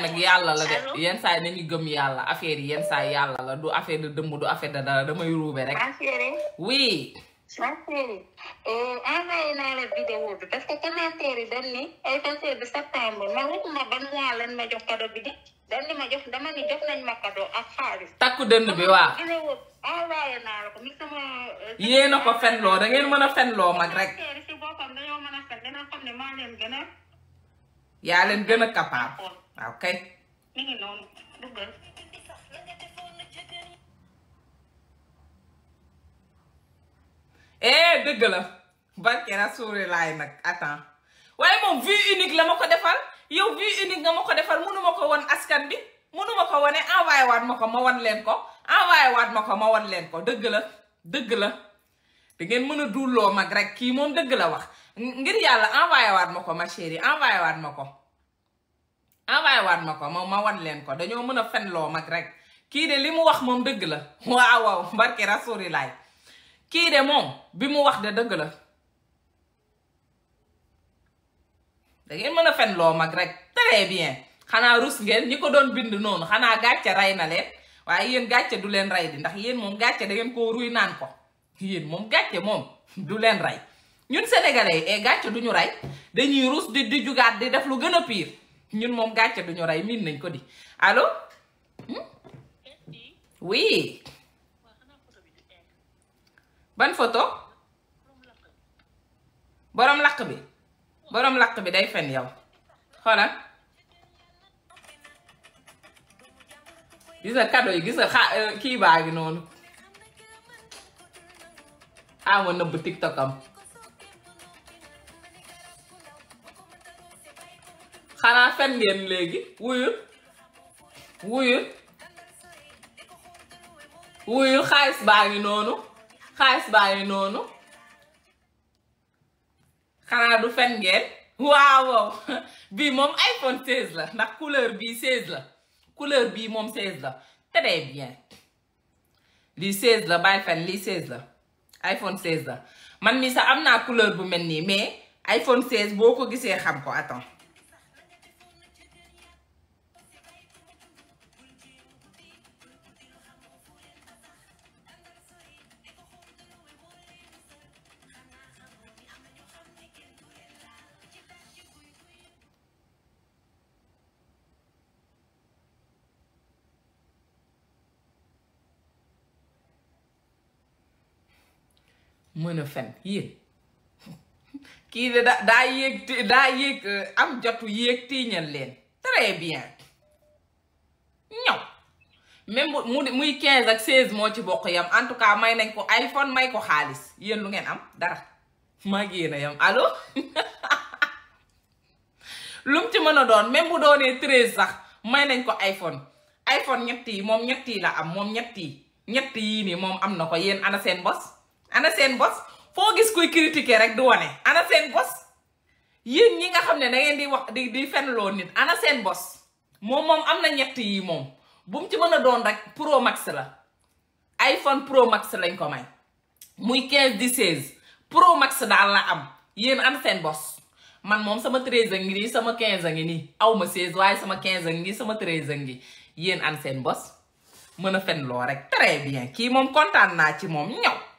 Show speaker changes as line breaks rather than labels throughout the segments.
ma chérie. oui. ma chérie eh, envoyé naa la
vidéo bi parce que commentaire yi dañ ni ay commentaire bi septembre ma wut ma ban mois lan ma a euh,
ko fenloo da a fenloo mag rek. si boppam
dañoo mën a a.
yaa leen gën a waaw kay. mi dëgg la barke rasuure laay nag attends waaye moom vue unique la ma ko defal yow vue unique nga ma ko defal mënu ma ko won askan bi mënu ma ko wone envoyé waat ma ko ma won leen ko envoyé waat ma ko ma won leen ko dëgg la dëgg la da ngeen mën a dulloo mag rek kii moom dëgg la wax ngir yàlla envoyé waat ma ko ma chérie envoyé waat ma ko envoyé waat ma ko ma ma wan leen ko dañoo mën a fenloo mag rek kii de li mu wax moom dëgg la waaw waaw mbarki rasuri laay kii de moom bi mu wax de dëgg la dangeen mën a loo mag rek très bien xanaa rus ngeen ñi ko doon bind noonu xanaa gàcce rey na leen waaye yéen gàcce du leen rey di ndax yéen moom gàcce da ngeen koo ruy naan ko yéen moom gàcce moom du leen rey ñun sénégalais e gàcce du ñu rey dañuy rus di di jugaat di def lu gën a piir ñun moom gàcce duñu rey miin nañ ko di allo. Hmm? oui. ban photo. borom laq bi. borom laq bi day fen yow xoolal. gis nga yi gis nga xa euh, ngi noonu. ah nëbb tiktok am. Kana fen gen legi? Ou yu? Ou yu? Ou yu? Kha yis ba yi nono? Kha yis ba yi nono? Kana do fen gen? Waw waw! Bi mom iPhone 16 la. Na kouleur bi 16 la. Kouleur bi mom 16 la. Tedeye byen. Li 16 la. Bay fen li 16 la. iPhone 16 la. Man misa amna kouleur bo men ni. Me iPhone 16 bo ko gisey ham ko. Atan. mën a e fen yéen kii da da daa da daa yéeg am jotu yéeg tiiñal leen très bien ñaw même mu muy 15 ak 16 moo ci bokk yam en tout cas may nañ ko iPhone may ko xaalis yéen lu ngeen am dara maa ngi yéen a yam allo lu mu ci mën a doon même bu doonee 13 sax may nañ ko iPhone iPhone ñett yi moom ñett yi la am moom ñett yi ñett yii nii moom am na ko yéen ana seen boss ana seen bos foo gis kuy critiquer rek du wane ana seen bos yéen ñi nga xam ne da ngeen di wax di di fenloo nit ana seen bos moom moom am na ñett moom bu ci mën doon rek pro max la iPhone pro max lañ ko may muy 15 di 16 pro max daal la am yéen ana bos man moom sama 13 a ngi nii sama quinze a ngi nii aw ma 16 waaye sama quinze a ngi nii sama 13 a ngi yéen an seen bos mën a fenloo rek très bien kii moom kontaan naa ci moom ñëw.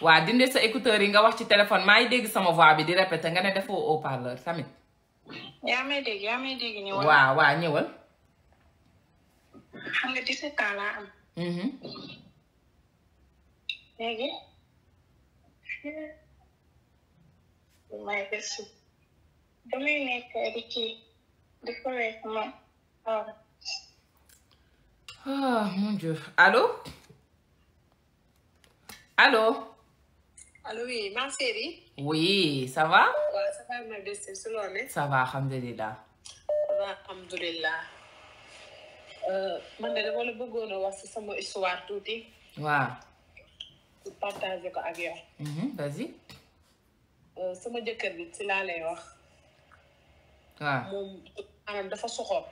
waa dindi sa écouteur yi nga wax ci téléphone maa ngi dégg sama voix bi di répété nga ne defoo haut parleur tamit.
yaa may dégg yaa may dégg ñëwal. waaw ñëwal. xam nga 17 mm-hmm. di kii di moom waaw. Ah. Ah,
mon Dieu allo allo.
Allô, oui, ma série.
Oui, ça va?
Oui, ça va, ma belle sœur, Ça va,
alhamdulillah.
Ça va, alhamdulillah. man de dama la bëggoon a wax si sama histoire tuuti. waaw. pour partager ko ak yow. vas-y. sama jëkkër bi si laa lay wax.
waaw
moom maanaam dafa soxor.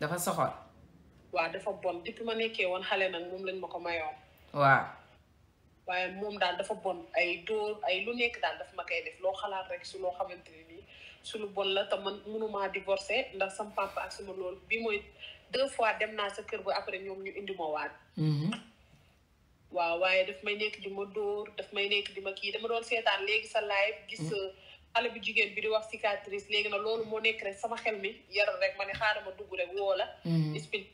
dafa soxor. waaw dafa bon depuis ma nekkee woon xale nag moom lañ ma ko mayoon. waaw. waaye moom daal dafa bon ay dóor ay lu nekk daal dafa ma koy def loo xalaat rek su loo xamante ni nii su lu bon la te
man mënumaa divorcé ndax sama papa ak sama lool bi mooy deux fois dem naa sa kër ba après ñoom ñu indi ma waat. Mm-hmm. waaw waaye daf may nekk di ma dóor daf may nekk di ma kii dama doon seetaan léegi sa live gis. Mm-hmm. xale bu jigéen bi di wax cicatrice léegi na loolu moo nekk rek sama xel mi yar rek ma ne xaaral ma dugg rek woo la. Mm-hmm.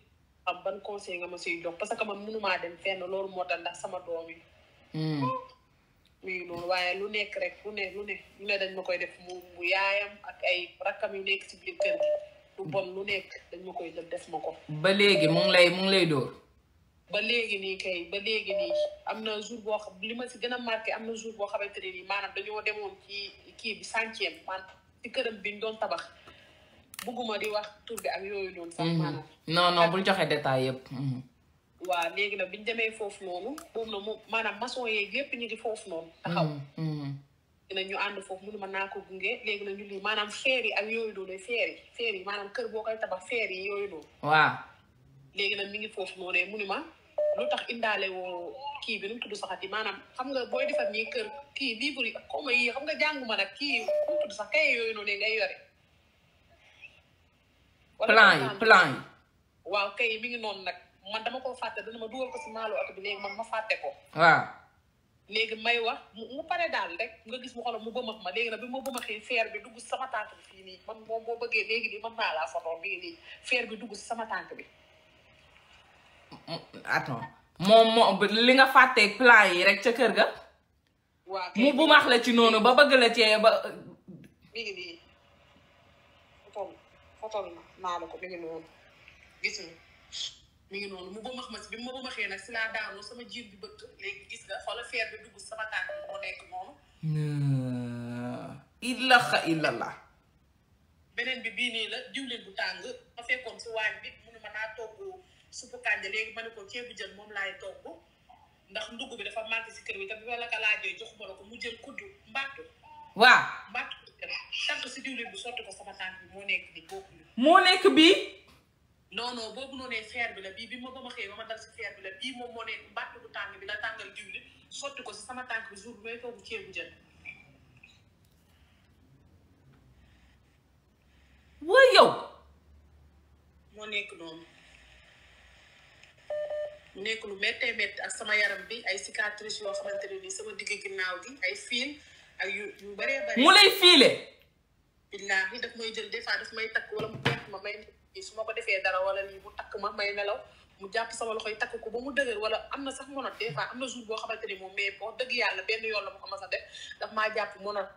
Ah, ban conseil nga ma siy jox parce que man mënumaa dem fenn loolu moo tax ndax sama doom yi.
Hmm.
léegi loolu waaye lu nekk rek lu ne lu ne dañ ma koy def mu mu yaayam ak ay rakkam
yu nekk ci biir kër lu bon lu nekk dañ ma koy def ma ko. ba léegi mu ngi lay mu lay dóor. ba léegi nii kay ba léegi nii am na jour boo xam li ma si gën a marqué am na jour boo xamante ne nii maanaam dañoo demoon ci kii bi centième maanaam ci këram bi ñu doon tabax bugguma di wax tur ak yooyu noonu. sax hmm. maanaam. non bul joxe détail yëpp.
Hmm.
waa léegi nag bi ñu demee foofu noonu moom na moom maanaam maçon yeeg yépp ñu di foofu noonu.
taxaw mm, mm.
dina ñu ànd foofu mënuma naa ko gunge léegi nag ñu lii maanaam feer yi ak yooyu doole feer yi feer yi maanaam kër boo koy tabax feer yi yooyu doole. waaw léegi nag mi ngi foofu noonu rek mënuma lu tax indaale woo kii bi nu mu tudd saxati maanaam xam nga booy defar nii kër kii livre yi xaw ma yii xam nga jànguma nag kii nu mu tudd sax kay yooyu noonu ngay yore.
plan yi plan yi. waaw kay mi ngi noonu nag. man dama koo fàtte dana ma dugal ko si maalo oto bi léegi man ma fàtte ko. waaw. léegi may wax mu pare daal rek nga gis mu xoolal mu bëmax ma léegi nag bi ma bëmaxee feer bi dugg sama tànk bi fii nii man
moom boo bëggee léegi nii mën feer bi dugg sama tànk bi.
Mm, attends moom moom li nga fàtte plan yi rek ca kër ga. waaw mu bëmax la ci noonu ba bëgg la cee ba. mi ngi nii
fotol fotol naa la ko mi ngi noonu gis nga. mi ngi noonu
mu ba ma si bi mu ma ba maxee nag si laa daanoo sama jiir bi bëtt léegi gis nga xoolal feer bi dugg sama tànk moo nekk noonu.
bi bii la diwlin bu tàng ma fekkoon si waañ bi mu ne ma ma ne ko ceebu jën moom laay togg ndax ndugg bi dafa manqué si kër bi te bi wala ka
jox ma ko mu jël kuddu mbattu. waaw mbattu takk si diwlin bi sotti ko sama tànk bi moo nekk bi bokk moo nekk bi. non non boobu noonee feer bi la bii bi ma
ba ma xëyee ba ma dal si feer bi la bii moom moo ne mbàtt bu tàng bi la tàngal diw sotti ko si sama tànk bi jour bi may toogu ceebu jën wooy moo nekk noonu nekk lu méttee métti ak sama yaram bi ay cicatrices yoo xamante ne nii sama digg ginnaaw bi ay fiil ak yu yu bëree bëri
mu lay fiile
billaahi daf mooy jël des fois daf may takk wala mu perte ma may su semua ko defee dara wala lii mu takk ma may nelaw mu
jàpp sama loxoy takk ko ba mu dëgër wala am na sax monote des fois am na jour boo xamante ni moom mais boo dëgg yàlla benn yoon la ma ko mas a def daf maa jàpp monote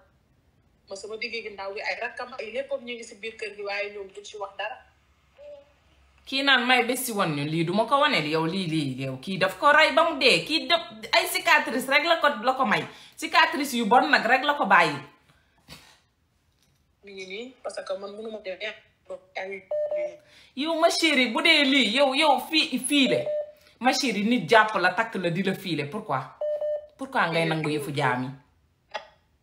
ma sama diggee gi ndaw wi ay rakkam ay léppam ñu ngi
si biir kër gi waaye ñoom duñ ci wax dara
kii naan may bési won ñu lii du ma ko waneel yow lii lii yow kii daf ko rey ba mu dee kii def ay cicatrice rek la ko la ko may cicatrice yu bon nag rek la ko bàyyi
mi ngi parce que man def
yow ma chérie bu dee lii yow yow fii fiile ma chérie nit jàpp la takk la di la fiile pourquoi pourquoi ngay nangu yëfu jaam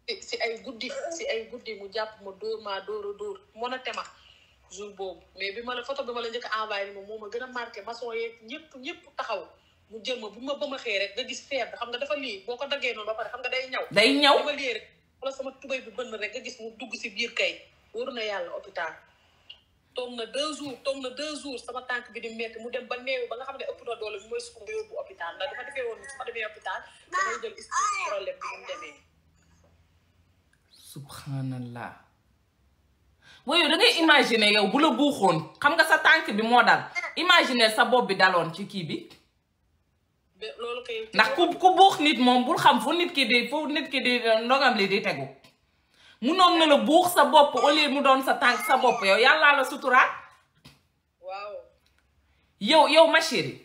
yi si ay guddi si ay guddi mu jàpp ma dóor maa dóor dóor mën a tema jour boobu mais bi ma la photo bi ma la moo ma gën a marqué maçon yeeg ñëpp ñëpp taxaw mu jël ma bu ma bëma xëy rek nga gis feer bi xam nga dafa lii boo ko daggee noonu ba pare xam nga day ñaw day ñaw ma lii rek wala sama tubéy bi bënn rek nga gis mu dugg si biir kay wóor na yàlla
hôpital toog na deux jours toog na deux jours sama tànk bi di métti mu dem ba néew ba nga xam ne ëpp na doole bi mooy su ko nga yóbbu hôpital woon su ma demee hôpital damay jël istri problème bi mu demee
subhanallah waaye yow da ngay bu la buuxoon xam nga sa tànk bi moo dal imaginer sa bopp bi daloon ci kii bi
loolu ndax ku
ku buux nit moom bul xam fu nit ki di fu nit ki di eh, ndogam li di tegu munoon na la buux sa bop au lieu mu don sa tank sa bop yow yalla la sutura wow yow yow ma chérie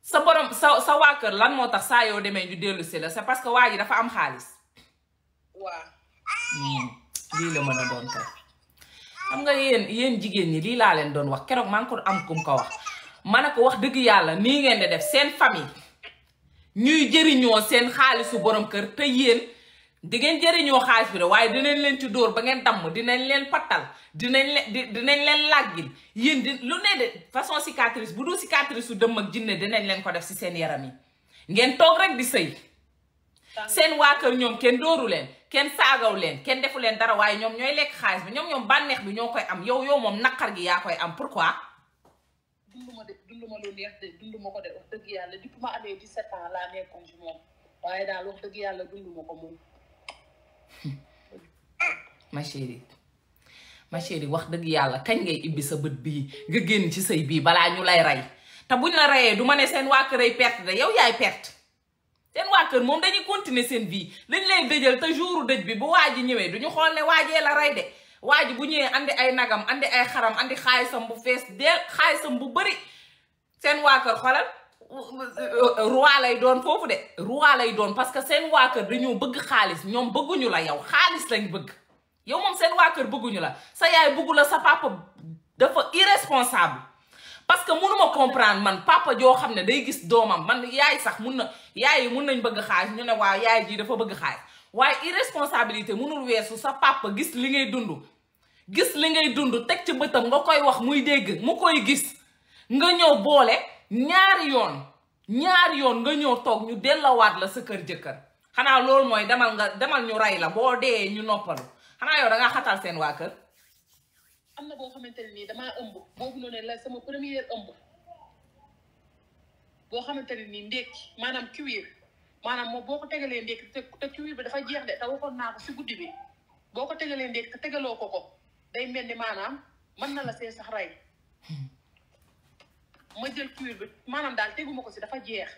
sa borom sa sa wa keur lan motax sa yow demé ñu dellu ci la c'est parce que waa dafa am xaliss wa hmm, li la mëna don ta xam nga yeen yeen jigéen ni li la leen don wax kérok man ko am kum ko wax ma ko wax deug yalla ni ngeen de def sen famille ñuy jëriñoo sen xaliss borom keur te yeen di ngeen jëriñoo xaalis bi de waaye dinañ leen ci dóor ba ngeen damm dinañ leen pattal dinañ leen dinañ leen làggil yéen di lu ne de façon cicatrice bu dul cicatrice su dëmm ak jinne dinañ leen ko def si seen yaram yi ngeen toog rek di sëy seen waa kër ñoom kenn dóoru leen kenn saagaw leen kenn defu leen dara waaye ñoom ñooy lekk xaalis bi ñoom ñoom bànneex bi ñoo koy am yow yow moom naqar gi yaa koy am pourquoi.
dunduma de ma lu neex
de dunduma ko de wax dëgg yàlla depuis ma amee 17 ans laa nekkoon ci moom yàlla dunduma ko moom ma chérie ma chérie wax dëgg yàlla kañ ngay ibbi sa bët bii nga génn ci sëy bii balaa ñu lay rey te buñ la reyee du ma ne seen waa kër ay perte de yow yaay perte seen waa kër moom dañuy continuer seen vie dañ lay dëjal te jouru dëj bi bu waa ji ñëwee du ñu xool ne waajee la rey de waaju bu ñëwee andi ay nagam andi ay xaram andi xaalisam bu fees deel xaalisam bu bëri seen waa kër roi lay doon foofu de roi lay doon parce que seen waa kër dañoo bëgg xaalis ñoom bëgguñu la yow xaalis lañ bëgg yow moom seen waa bëgguñu la sa yaay bëggu la sa papa dafa irresponsable parce que mënuma comprendre man papa joo xam ne day gis doomam man yaay sax mun na yaay yi mun nañ bëgg xaalis ñu ne waaw yaay jii dafa bëgg xaalis waaye irresponsabilité munul weesu sa papa gis li ngay dund gis li ngay dund teg ci bëtam nga koy wax muy dégg mu koy gis nga ñëw boole ñaari yoon ñaari yoon nga ñëw toog ñu dellawaat la sa kër jëkkër xanaa loolu mooy demal nga demal ñu rey la boo dee ñu noppalu xanaa yow da ngaa xatal seen waa kër. am na boo xamante ne nii damaa ëmb boobu noonu sama première ëmb boo xamante ne nii ndékki maanaam cuir maanaam moom boo ko tegalee ndékki te te cuir bi dafa jeex de te waxoon naa ko si guddi bi boo ko tegalee ndékki te tegaloo ko ko day mel maanaam mën na la see sax rey hmm. ma jël cuir bi maanaam daal teguma ko si dafa jeex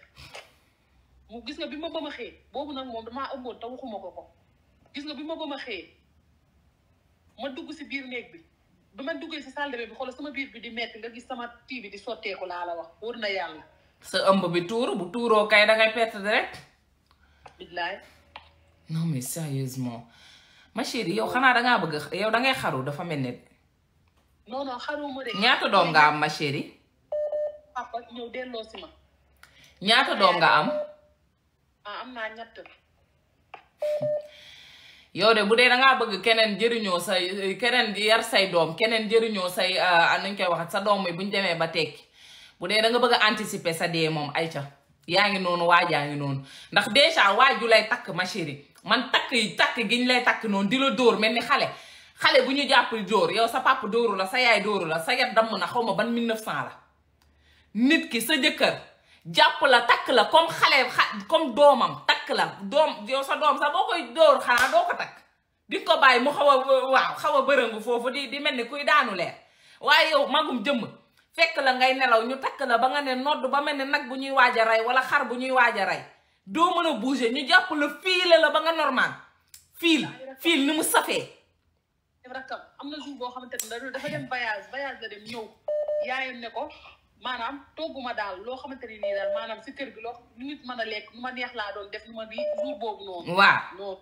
mu gis nga bi ma ba ma xëyee boobu nag moom damaa ëmboon te waxuma ko ko gis nga bi ma ba ma xëyee ma dugg si biir bi bi ma duggee si salle de sama biir bi di metti nga gis sama tii di sotteeku laa la wax wóor na yàlla. sa ëmb bi tuur bu tuuroo kay dangay perte direct. billaay. non mais sérieusement ma chérie yow xanaa dangaa bëgg yow dangay xaru dafa mel ni non non xaru de. ñaata doom nga am ma chérie papa ñëw delloo si ma. ñaata doom nga am. ah am naa ñett. yow de bu dee dangaa bëgg keneen jëriñoo say keneen yar say doom keneen jëriñoo say ah, nañ koy waxat sa doom bu ñu demee ba tekki bu dee da nga bëgg a anticiper sa dee moom ay ca yaa ngi noonu waajaa ngi noonu ndax dèjà waaju lay takk ma chérie man takk yi takk giñ lay takk noonu di la dóor mel ni xale xale bu ñu jàpp dóor yow sa papa dóoru la sa yaay dóoru la sa yat damm na xaw ma ban 1900 la. nit ki sa jëkkër jàpp la takk la comme xale comme doomam takk la doom yow sa doom sax boo koy dóor xanaa doo ko takk di ko bàyyi mu xaw a waaw xaw a bërëngu foofu di di mel ni kuy daanu leer waaye yow magum jëmm fekk la ngay nelaw ñu takk la ba nga ne nodd ba mel ni nag bu ñuy waaj rey wala xar bu ñuy waaj a rey doo mën a bouger ñu jàpp la fiile la ba nga normal fii fiil ni mu safee.
am na jour boo xamante
ne dafa dem voyage voyage la dem ñëw yaayam ne ko. manam toguma dal lo xamanteni ni dal manam ci si kër gi loo nit mën lek lekk ma neex la doon def numa ma di jour bobu non wa non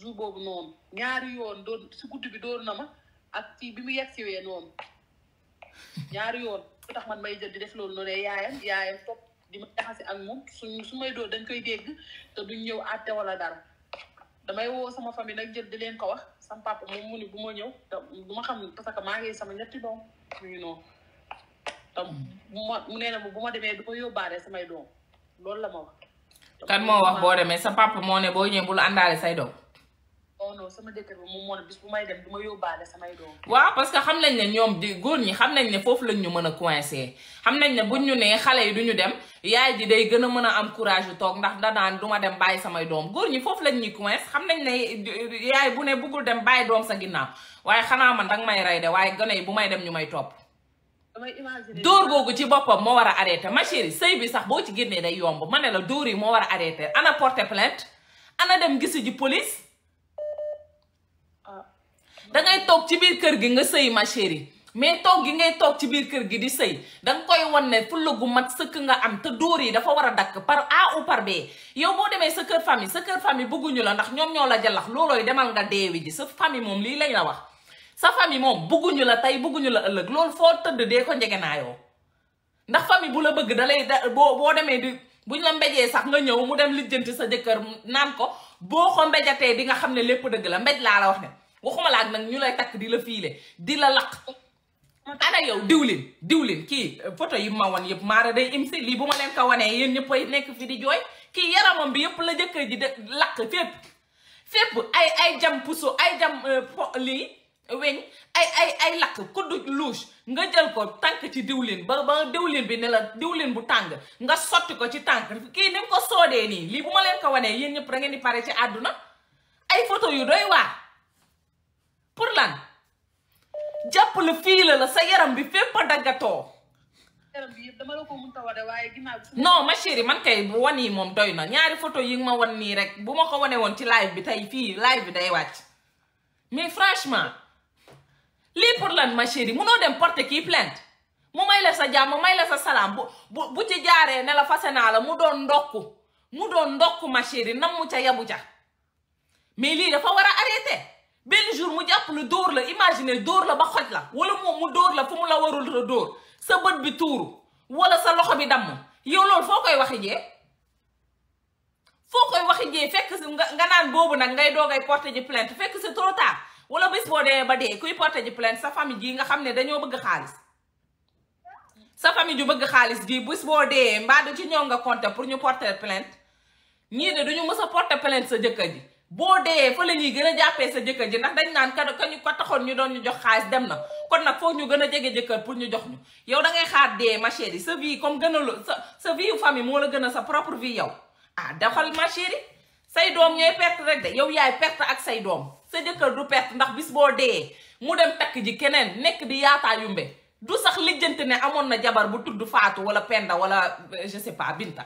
jour bobu non ñaar yoon doon ci guddi bi doon na ma ak ci bi mu yegsiwee noonu ñaari yoon tax man may jël di def loolu noné yaayam yaayam top di ma taxasi ak mom suñ su may do dañ koy dégg te duñ ñew atté wala dar damay wo sama fami nak jël di leen ko wax sama papa moom mu ni bu mo ñew te du xam parce que ma ngi sama ñetti doom ñu noonu te mu nee na bu ma demee du ko yóbbaale samay doom loolu la ma wax. moo wax boo demee sa papa moo ne boo ñëwee àndaale say doom.
oh sama jëkkër bi moom moo may dem du ma yóbbaale samay doom.
waaw parce que xam nañ ne ñoom di góor ñi xam nañ ne foofu lañ ñu mën a coincé xam nañ ne buñ ñu nee xale yi du ñu dem yaay ji day gën a mën a am courage yu toog ndax da naan du dem bàyyi samay doom góor ñi foofu lañ ñuy coincé xam nañ ne yaay bu ne bëggul dem bàyyi doom sa ginnaaw waaye xanaa man danga may rey de waaye gone yi bu may dem ñu may topp. door boogu ci boppam moo war a arrêté ma chérie sëy bi sax boo ci génnee day yomb ma ne la dóor yi moo war a arrêté ana porter plainte ana dem gisu ji police ah. dangay toog ci biir kër gi nga sëy ma chérie mais toog gi ngay toog ci biir kër gi di sëy danga koy wan ne fulla gu mat sëkk nga am te dóor yi dafa war a dakk par A ou par B yow boo demee sa kër famille sa kër famille bëgguñu la ndax ñoom ñoo la jalax loolooy demal nga deewi ji sa famille moom lii lañ la wax sa famille moom bëgguñu la tey bëgguñu la ëllëg loolu foo tëdd dee ko njegenaayoo ndax famille bu la bëgg da lay da boo boo demee di buñ la mbéjee sax nga ñëw mu dem lijjanti sa jëkkër naan ko boo ko mbéjatee di nga xam ne lépp dëgg la mbéj laa la wax ne waxuma laaj nag ñu lay takk di la fiile di la laq ana yow diwlin diwlin kii photo yi ma yëpp maara day lii bu ma leen ko wanee yéen ñëpp ay nekk fi di jooy kii yaramam bi yëpp la jëkkër ji de laq fépp ay ay jam puso ay jam euh, lii weñ ay ay ay lakk du louche nga jël ko tank ci diwlin ba ba diwlin bi ne la diwlin bu tang nga sotti ko ci tank ki nim ko sodé ni li buma len ko wanee yeen ñep da ngeen di paré ci aduna ay photo yu doy wa pour lan japp le fii la la sa yaram bi fepp dagato non ma chérie man kay wan yi moom doy na ñaari photo yi ma wan ni rek buma ko won ci live bi tay fi live bi day wacc mais franchement lii pour lan ma chérie munoo dem porter kii plainte mu may la sa jàmm may la sa salaam bu bu bu ci jaaree ne la fase naa la mu doon ndokku mu doon ndokku ma chérie nam mu ca yabu ca mais lii dafa war a arrêté benn jour mu jàpp lu dóor la imaginer dóor la ba xoj la wala moom mu dóor la fu mu la warul la dóor sa bët bi tuuru wala sa loxo bi damm yow loolu foo koy waxi jee foo koy waxi jee fekk nga naan boobu nag ngay doogay porter ji plainte fekk c'est trop wala bis boo dee ba dee kuy porté ji plainte sa famille ji nga xam ne dañoo bëgg xaalis sa famille ju bëgg xaalis gi bis boo dee mbaa du ci ñoom nga compté pour ñu porté plainte ñii de duñu mës a porté plainte sa jëkkër ji boo dee fa la ñuy gën a jàppee sa jëkkër ji ndax dañ naan ka ñu ko taxoon ñu doon ñu jox xaalis dem na kon nag foog ñu gën a jege jëkkër pour ñu jox ñu yow da ngay xaar dee ma chérie sa vie comme gën a sa sa vie famille moo la gën a sa propre vie yow ah defal ma say doom ñooy perte rek de yow yaay perte ak say doom sa jëkkër du perte ndax bis boo dee mu dem takk ji keneen nekk di yaataa yumbe du sax lijjante ne amoon na jabar bu tudd Faatu wala Penda wala euh, je sais pas Binta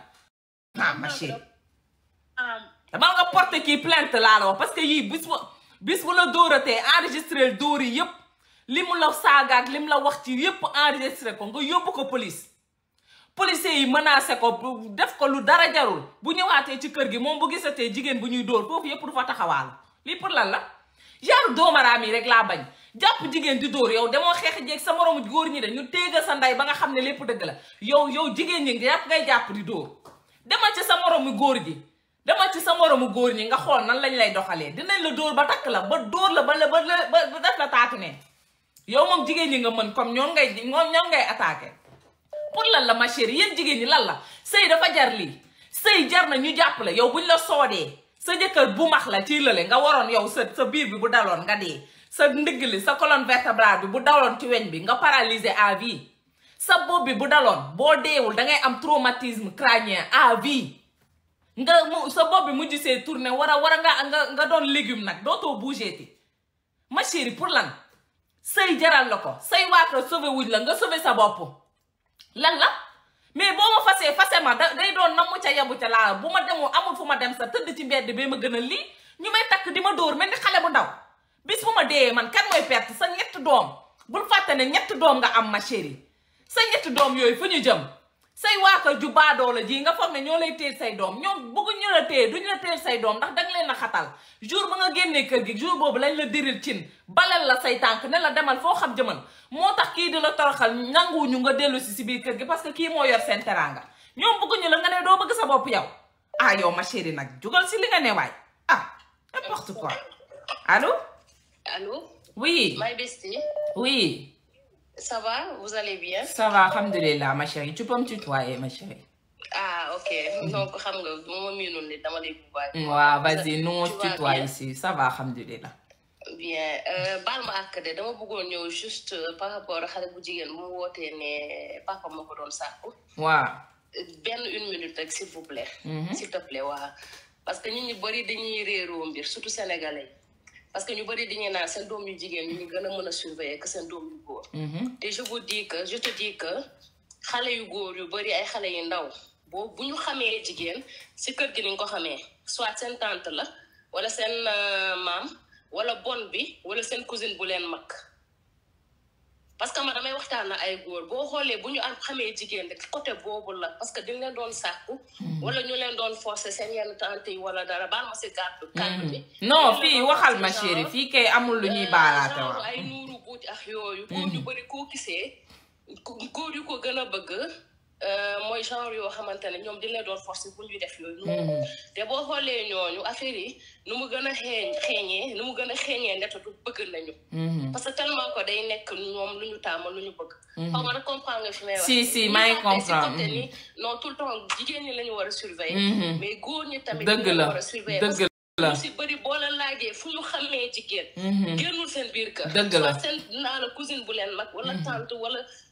ah nga porte kii plainte laa la wax parce que yii bis bu bis bu la dóoratee enregistré dóor yi yépp li mu la saagaat li mu la wax ci yépp enregistré ko nga yóbbu ko police policiers yi menacé ko def ko lu dara jarul bu ñëwaatee ci kër gi moom bu gisatee jigéen bu ñuy dóor foofu yépp du fa taxawaalu lii pour lan la genre doomaraam yi rek laa bañ jàpp jigéen di dóor yow demoo xeex jeeg sa moromu góor ñi de ñu téegal sa ndey ba nga xam ne lépp dëgg la yow yow jigéen ñi nga ngay jàpp di dóor demal ci sa moromu góor ji demal ci sa moromu góor ñi nga xool nan lañ lay doxalee dinañ la dóor ba takk la ba dóor la ba la ba def la taatu ne yow moom jigéen ñi nga mën comme ñoom ngay ñoom ngay attaqué pour lan la ma chérie yéen jigéen ñi lan la sëy dafa jar lii sëy jar na ñu jàppale yow buñ la soodee sa jëkkër bu max la tiilale nga waroon yow sa sa biir bi bu daloon nga dee sa ndigg li sa kolon vertébrale bi bu daloon ci weñ bi nga paralysé à sa bopp bi bu daloon boo deewul da ngay am traumatisme crânien à vie nga sa bopp bi mujj see tourné war a war a nga nga nga doon légume nag dootoo bougé ti ma chérie pour lan sëy jaral la ko say waata sauvé la nga sauvé sa bopp lan la mais boo ma fasee fase ma da day doon mu ca yebu ca laa bu ma demoo amul fu ma dem sa tëdd ci mbedd bee ma gën a lii ñu may takk di ma dóor mel ni xale bu ndaw bis bu ma dee man kan mooy perte sa ñetti doom bul fàtte ne ñetti doom nga am ma chérie sa ñetti doom yooyu fu ñu jëm say waa kër ju baadoola ji nga foog ne ñoo lay téel say doom ñoom bëgguñu la téye duñu la téel say doom ndax danga leen a xatal jour ba nga génnee kër gi jour boobu lañ la diril cin balal la say tànk ne la demal foo xam jëmal moo tax kii di la toroxal ñu nga dellu si si biir kër gi parce que kii moo yor seen teraanga ñoom ñu la nga ne doo bëgg sa bopp yow ah yow ma chérie nag jugal si li nga ne waay ah n'importe quoi allo.
allo. oui. my
bestie.
Ça va Vous allez bien Ça
va, ma chérie. Tu peux me tutoyer, ma chérie. Ah, ok. Mm-hmm. Donc, ouais, vas-y, nous, on tutoie ici. Ça va, bien Je euh, ma àkk de juste euh, par rapport à bu papa ça, une minute s'il vous plaît mm-hmm. s'il te plaît parce que nous, bari dañuy surtout sénégalais parce que ñu bëri dañuy naan seen doom yu jigéen ñu gën a mën a surveiller que seen doom yu góor. Mm-hmm. te je vous dis que je te dis xale yu góor yu bëri ay xale yu ndaw boo bu ñu xamee jigéen si kër gi ni nga ko xamee soit seen tante la wala seen euh, maam wala bonne bi wala seen cousine bu leen mag. parce que ma damay waxtaan na ay góor boo xoolee bu ñu am xamee jigéen de côté boobu la parce que dañ leen doon sàkku. Hmm. wala ñu leen doon forcer seen yenn tante yi wala dara baa ma si gàtt. Hmm. kàddu bi hmm. non fii waxal ma fii kay amul lu ñuy euh, baalaate wax ay nuuru buuti ak yooyu. góor ñu bëri koo gisee góor yu ko gën a bëgg. Euh, mooy genre yoo xamante ne ñoom dina doon forcé bu ñu def yooyu noonu mm-hmm. te boo xoolee ñooñu affaire yi nu mu gën a xeeñ xeeñee nu mu gën a xeeñee ndeta du bëgg nañu mm-hmm. parce que tellement que day nekk ñoom lu ñu tàmm lu ñu bëgg mm-hmm. xaw ma na comprendre nga fi may si si maa ngi comprendre ni non tout le temps jigéen ñi la ñu war a surveiller mais góor ñi tamit dëgg la war a surveiller ñu si bëri boo la laajee fu ñu xamee jigéen génnul seen biir kër dëgg la seen naa bu leen mag wala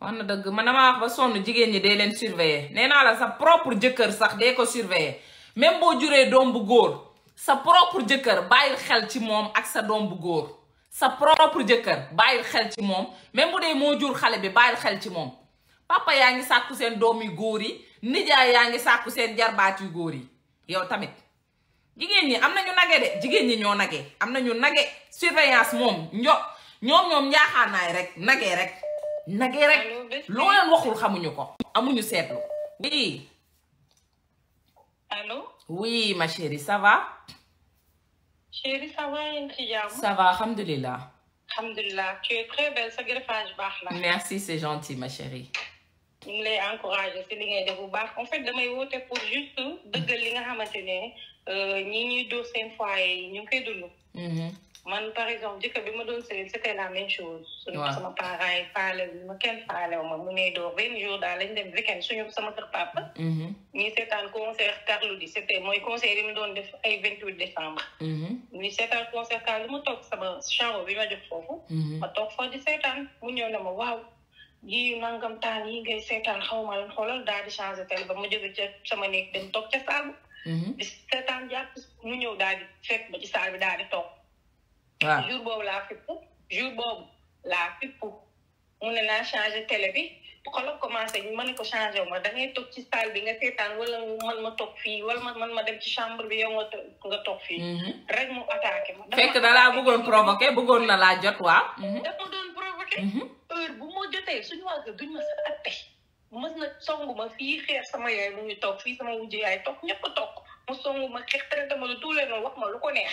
wax na dëgg man damaa wax ba sonn jigéen ñi dee leen surveiller nee naa la sa propre jëkkër sax dee ko surveiller même boo juree doom bu góor sa propre jëkkër bàyyil xel ci moom ak sa doom bu góor sa propre jëkkër bàyyil xel ci moom même bu dee moo jur xale bi bàyyil xel ci moom papa yaa ngi sàkku seen doom yu góor yi nijaay yaa ngi sàkku seen jarbaat yu góor yi yow tamit jigéen ñi am nañu nage de jigéen ñi ñoo nage am na ñu nage surveillance moom njo ñoom ñoom njaaxaanaay rek nage rek nagee rek lo leen waxul xamuñu ko amuñu seetlu oui allô oui ma chérie ça va chérie ça va yéen ça va alhamdulilah alhamdulilah tu es très belle sa greffage baax la merci c'est gentil ma chérie
ñu ngi lay encouragé si li ngay def bu baax en fait damay woote pour juste dëggal li nga xamante euh ñi ñuy do sen foyer yi ñu ngi koy dund mm-hmm. man par exemple jëkkër bi ma doon sëy c'était la même chose. suñu sama yi faale wu ma kenn faale wu ma mu ne door benn jour daal lañ dem weekend suñu sama kër papa. Mhm. ñuy seetaan concert Carlou D c'était mooy concert yi mu doon def ay vingt huit décembre. Mhm. ñuy seetaan concert Carlou ma toog sama chambre bi ma jox foofu. Mhm. ma toog foofu di seetaan mu ñëw na ma waaw. yi nangam taan yi ngay seetaan xaw ma lan xoolal daal di changé tel ba ma jóge ca sama néeg dem toog ca saal
bi. di
seetaan jàpp ñu ñëw daal di fekk ba ci saal bi daal di toog. waaw jour boobu laa fippu jour boobu laa fippu mu ne naa changé télé bi xolo commencé ñu ne ko changé wu ma da ngay toog ci salle bi nga seetaan wala man ma toog fii wala man ma
dem ci chambre bi yow nga toog fii. Mhm. rek mu attaqué ma. fekk da laa bëggoon provoqué bëggoon na laa jot waaw. Mhm. dafa doon provoqué. Mhm. heure bu ma jotee suñu waa kër duñ ma sa atte mës na songu ma fii xeer sama yaay mu ngi toog fii sama wujj yaay toog ñëpp toog
mu songu ma xeex traité ma lu tuule ma wax ma lu ko neex.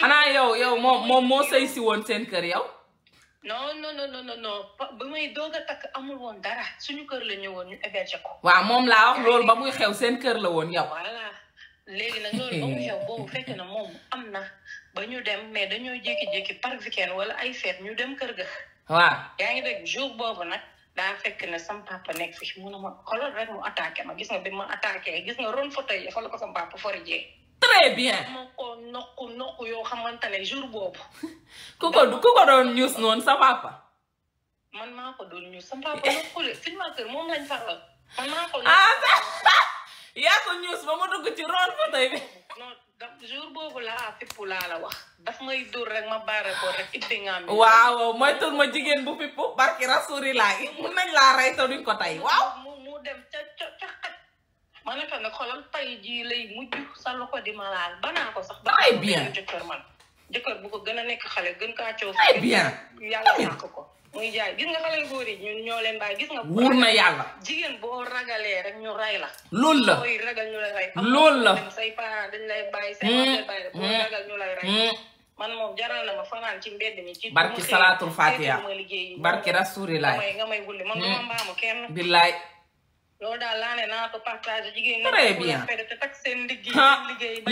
xanaa yow yow moom moom moo sëy si woon seen kër yow. non non non non non ba may doog a takk amul woon dara suñu kër la woon ñu héberger ko. waaw moom laa wax loolu ba muy xew seen kër la woon yow. voilà léegi nag loolu ba muy xew boobu fekk na moom am na ba ñu dem mais dañoo jékki-jékki par weekend wala ay fête ñu dem kër ga. waa yaa ngi dégg jour boobu nag daa fekk na sam
papa nekk fi mu ne ma xoolal rek mu attaqué ma gis nga bi ma attaqué gis nga ron photo yi fa la ko
très bien. ma ko nokku nokku yoo xamante ne jour boobu. ku ko ku ko doon ñuus noonu sa papa. man maa ko doon ñuus sa papa nokku le filmateur moom lañ faral man maa ko. Ah, yaa ko ñuus ba ma dugg ci rôle photo bi. non jour boobu laa fippu laa la wax. daf may dóor rek ma baare ko rek itti nga am. waaw moytul ma jigéen bu fippu barki rasulilah mun nañ laa rey te duñ ko tey waaw. ma naka nga xoolal tay jii lay mujj sa loxo di ma laal banaa ko sax. très bien jëkkër man jëkkër bu ko gën a nekk xale gën kaa coow. très bien yàlla ñàkk ko. mu jaay gis nga xale yu góor yi ñoo leen bàyyi gis nga. na yàlla jigéen boo ragalee rek ñu ray la. loolu la booy ragal ñu lay ray. loolu la dañ lay bàyyi. say parents dañ lay bàyyi boo hmm. ragal hmm. man moom jaral na ma fanaan ci mbedd
mi. ci barki salaatul fatiha barki rasulilaay. nga may wulli man dama hmm. mbaamu kenn. billaay.
loolu daal laa ne naa ko partage jigéen ñi. très bien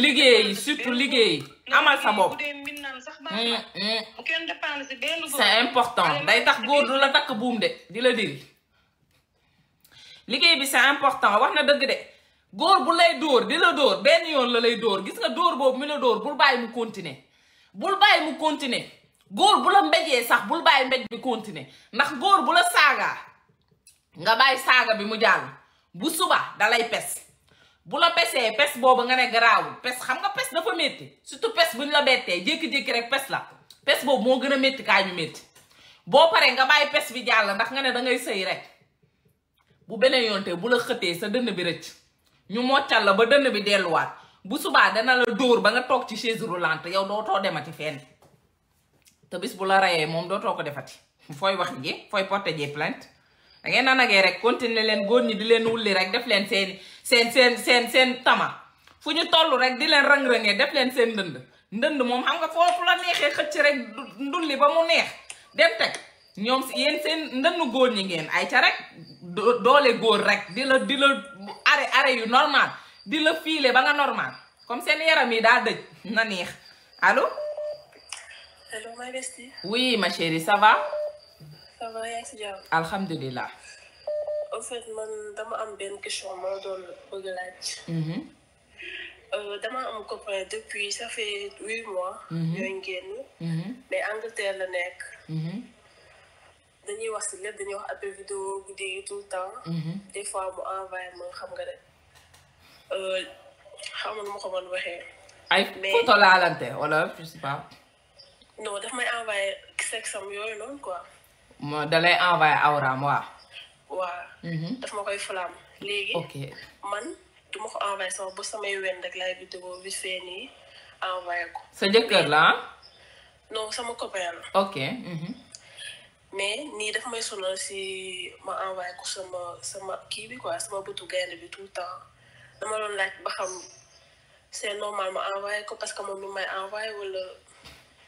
liggéey surtout liggéey. amal sa bopp. Eh, eh. c'est important day tax góor du la takk buum de di la diri. liggéey bi c'est important wax na dëgg de góor bu lay dóor di la dóor benn yoon la lay dóor gis nga dóor boobu mu la dóor bul bàyyi mu continuer. bul bàyyi mu continuer góor bu la mbejee sax bul bàyyi mbéj bi continuer ndax góor bu la saagaa. nga bàyyi saaga bi mu jàll bu suba dalay pes bu la pesee pes boobu nga ne garaawul pes xam nga pes dafa métti surtout pes bu ñu la bettee jékki-jékki rek pes la pes boobu moo gën a métti kaa ñu métti boo paree nga bàyyi pes bi jàll ndax nga ne dangay ngay sëy rek bu beneen yoon bu la xëtee sa dënn bi rëcc ñu moccal la ba dënn bi delluwaat bu subaa dana la dóor ba nga toog ci chaise roulante yow dootoo demati fenn te bis bu la reyee moom dootoo ko defati fooy wax ji fooy porter ji plainte da ngeen a nagee rek continuer leen góor ñi di leen wulli rek def leen seen seen seen seen seen tama fu ñu toll rek di leen rang-rangee def leen seen ndënd ndënd moom xam nga foofu la neexee xëcc rek ndulli ba mu neex dem teg ñoom yéen seen ndënd góor ñi ngeen ay ca rek doole góor rek di la di la are are yu normal di la fiile ba nga normal comme seen yaram yi daa dëj na neex alo
allo ma bestie. oui ça va yaa ngi si jàmm.
alhamdulilah.
en fait man dama am ben question mo doon bëgg laaj.
Mhm. Euh,
dama am copain depuis ça fait 8 mois. Mhm. ñooñu génn. Mhm. mais Angleterre la nekk. dañuy wax si lépp dañuy wax appel vidéo guddi yi tout le temps. des fois mu envoyé ma xam nga de euh, xam nga ma ko mën waxee. ay photo laalante
wala je sais pas.
non daf may envoyé sexe am yooyu noonu quoi.
ma da lay envoyé awraam waaw.
waaw. Mhm. daf ma koy flam léegi. ok man du ma ko envoyé sama bu samay wen rek laay vidéo bi fee nii envoyé ko. sa jëkkër la ah. sama copain la. ok. Mhm. mais nii daf may sonal si ma envoyé ko sama sama kii bi quoi sama bëtu gaynde bi tout le temps dama doon laaj ba xam c'est normal ma envoyé ko parce que moom mi may envoyé wala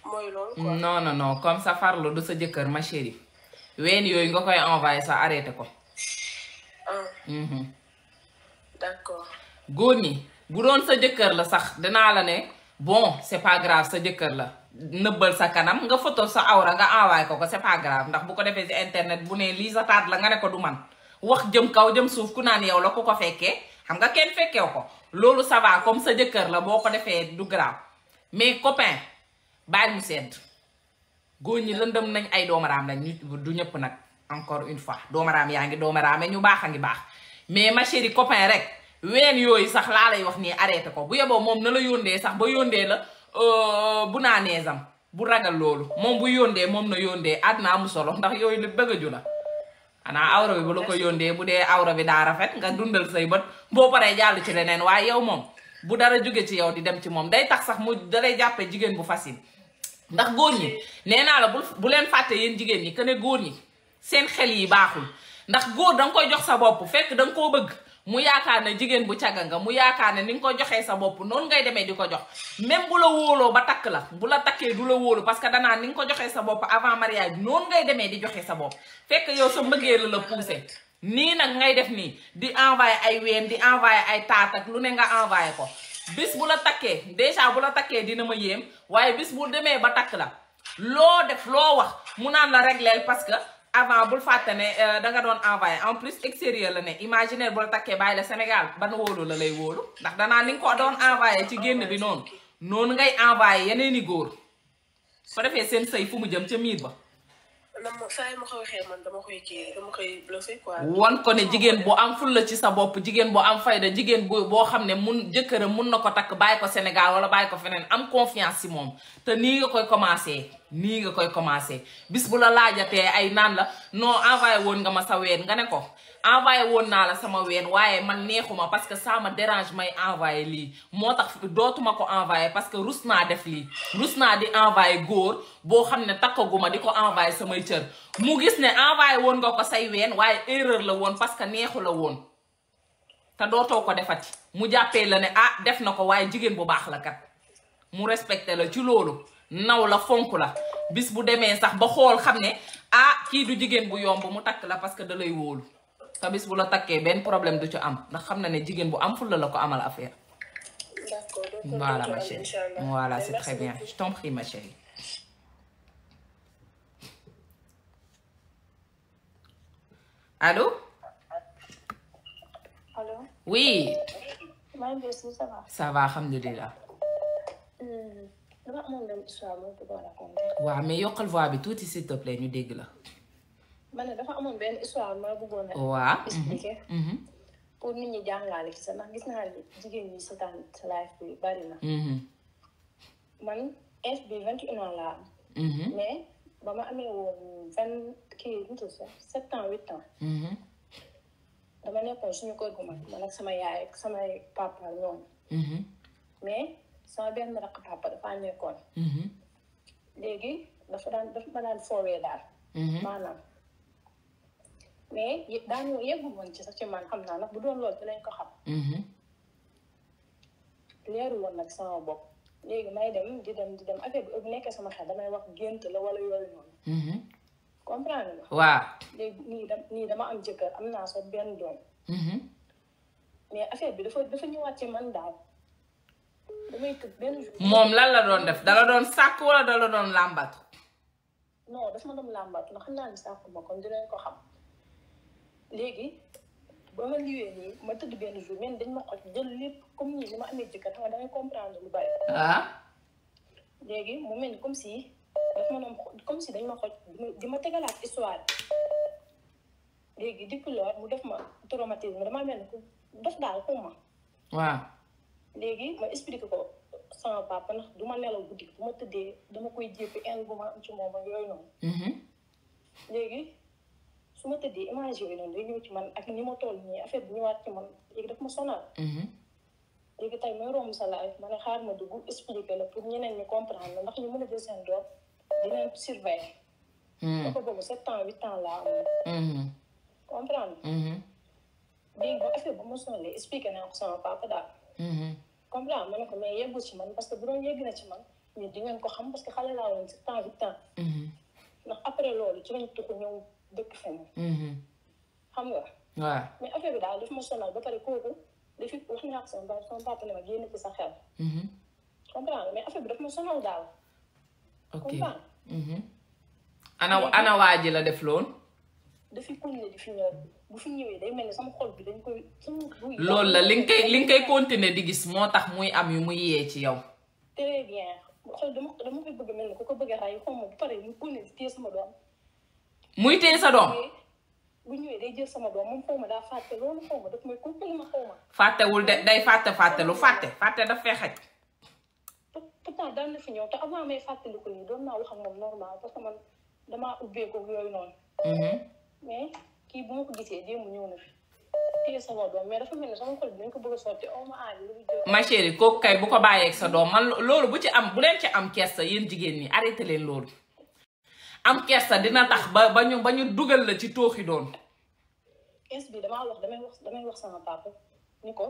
mooy loolu quoi. non non
non comme ça du sa jëkkër ma chérie. ween yooyu nga koy envoyé sa arrêté ko. Ah. Mhm. d'accord. góor ñi bu doon sa jëkkër la sax danaa la ne bon c'est pas grave sa jëkkër la nëbbal sa kanam nga photo sa awra nga envoyé ko ko c'est pas grave ndax bu ko defee ci internet bu ne lii sa taat la nga ne ko du man wax jëm kaw jëm suuf ku naan yow la ku ko fekkee xam nga kenn fekkew ko loolu ça va comme sa jëkkër la boo ko defee du grave mais copain bàyyi mu sedd. góor ñi lëndëm nañ ay ram lañ ñu du ñëpp nak encore une fois ram yaangi doom doomaraame ñu baax a baax mais ma chérie copain rek ween yoy sax la lay wax ni arrêté ko bu yeboo mom na la yondé sax ba yondé la euh, bu na neesam bu ragal loolu mom bu yondé mom na yondé adna am solo ndax yoy lu bëgg a ju la xanaa awra bi bu la ko yondé bu dé awra bi da rafet nga dundal sey bët bo paré jall ci lenen way yow mom bu dara jóge ci yow di dem ci mom day tax sax mu dalay jappé jigen bu facile ndax góor ñi nee naa la bul bu leen fàtte yéen jigéen ñi que ne góor ñi seen xel yi baaxul ndax góor danga koy jox sa bopp fekk danga koo bëgg mu yaakaar ne jigéen bu cagga nga mu yaakaar ne ni nga ko joxee sa bopp noonu ngay demee di ko jox même bu la wóoloo ba takk la bu la takkee du la wóolu parce que danaa ni nga ko joxee sa bopp avant mariage noonu ngay demee di joxee sa bopp fekk yow sa mbëggee la la poussé nii nag ngay def nii di envoyé ay ween di envoyé ay taat lu ne nga envoyé ko bis bu la takkee déjà bu la takkee dina ma yéem waaye bis bu demee ba takk la loo def loo wax mu naan la régleel parce que avant bul fàtte ne euh, da nga doon envoyé en plus extérieur la ne imaginaire bu la takkee bàyyi la Sénégal ban wóolu la lay wóolu ndax danaa ni nga ko doon envoyé ci génn bi noonu noonu ngay envoyé yeneen i góor su defee seen sëy fu mu jëm ca miir ba
dama saa yi ko waxee man dama koy kii dama koy bluffé wan
ko ne jigéen bu am ful la ci sa bopp jigéen boo am fayda jigéen bu boo xam ne mun jëkkëram mun na ko takk bàyyi ko Sénégal wala bàyyi ko feneen am confiance ci moom te nii nga koy commencé nii nga koy commencé bis bu la laajatee ay naan la non envoyé woon nga ma sa ween nga ne ko. envoyé woon naa la sama ween waaye man neexuma parce que saama me dérange may envoyé lii moo tax dootuma ko envoyé parce que rus naa def lii rus naa di envoyé góor boo xam ne takkaguma di ko envoyé samay cër mu gis ne envoyé woon nga ko say ween waaye erreur la woon parce que neexu la woon te dootoo ko defati mu jàppee la ne ah def na ko waaye jigéen bu baax la kat mu respecté la ci loolu naw la fonk la bis bu demee sax ba xool xam ne ah kii du jigéen bu yomb mu takk la parce que da lay wóolu ça bis problème du am ndax bu am d'accord
voilà ma chérie voilà ben, c'est très
bien je t'en prie ma chérie. allô.
allô. oui. ça va. ça va Tu
hmm. as mais voix bi s'il te plaît nous
ma ne dafa amoon benn histoire ma bëggoon a. waaw expliquer. Mhm. Mhm. pour nit gis naa jigéen ñi seetaan sa live na. Mhm. man âge bi vingt et un laa mais ba ma amee woon vingt kii bi tuuti sax dama nekkoon suñu kër gu man ak sama yaay ak sama papa ñoom. mais sama benn rakk papa dafa nekkoon. léegi dafa daan dafa daal. maanaam. mais daañu yeggu
woon ci sax ci man xam naa nag bu doon loolu dinañ ko xam. Mhm. leeru
woon nag sama bopp léegi may dem di dem di dem affaire bi bu nekkee sama xel damay wax gént la wala yooyu noonu. Mhm. comprendre nga. waaw léegi nii dama am jëkkër am naa sa benn doom. Mhm. mais affaire bi dafa dafa ñëwaat ci man daal. damay tëb benn jour.
moom lan la doon def dala doon sàkk wala dala doon làmbat
non dafa ma doon làmbatu ndax xam naa ne sàkk ma kon dinañ ko xam. léegi ba ma liwee nii ma tëdd benn jour mel dañ ma xoj jël lépp comme nii li ma amee jëkkër xam nga da comprendre lu bari. ah. léegi mu mel ni comme si daf ma si dañ ma xoj di ma tegalaat histoire léegi depuis loolu mu def ma traumatisme dama mel ni ku def daal xaw ma. waaw. léegi ma expliqué ko sama papa ndax du ma nelaw guddi bu ma tëddee dama koy jépp en bu ma am ci moom ak yooyu noonu. Mhm. léegi. su ma tëddee image yooyu noonu day ñëw ci man ak ni ma toll nii bu bi ñëwaat ci man léegi daf ma sonal. Mhm. léegi tey sa live ma ne xaar ma dugg expliquer la pour ñeneen ñu comprendre la ndax ñu mën a jël seen doom dinañ surveiller. Mhm. dafa boobu sept ans huit ans ba mhm. affaire bu ma sonalee expliquer naa ko sama papa daal. comprendre ma ne ko mais yeggul ci man parce que bu doon yegg na ci man mais di ngeen ko xam parce que xale laa woon sept ans huit ans. ndax après loolu ci lañ tukku ñëw. dëkk feneen. Mhm. xam nga. waaw mais affaire bi daal daf ma sonal ba pare kooku ko sama sama papa ne sa xel. Mhm. comprendre mais affaire bi daf ma sonal daal. ok
mhm.
ana ana ji la def loon.
dafi continuer di fi ñëw bu fi ñëwee day mel ni sama xol bi dañ koy. loolu la li nga
koy di gis moo tax muy am yu muy yee ci yow.
très bien xool dama bëgg mel ni ku ko bëgg a rey xaw bu paree mu continuer di téye sama doom.
muy téye sa doom.
bu ñëwee day jël sama doom moom xaw ma daa fàtte loolu xaw ma daf may compter ma xaw ma.
fàttewul de day fàtte fàtte lu fàtte fàtte daf fee xaj.
pourtant daan na fi ñëw te avant may fàttaliku nii doon naa wax ak moom normal parce
que yooyu noonu. Mm-hmm. mais kii bu ma ko gisee démb ñëw na fi.
téye sama doom mais dafa mel ni sama xol bi dañ ko bëgg a sotti aw ma aaj lu
mu ma chérie kooku kay bu ko bàyyeeg sa doom man loolu bu ci am bu leen ci am kees sa yéen jigéen ñi arrêté leen loolu. am kersa dina tax ba ba ñu ba ñu dugal la ci tooxi doon.
kes bi dama wax damay wax damay wax sama papa ni ko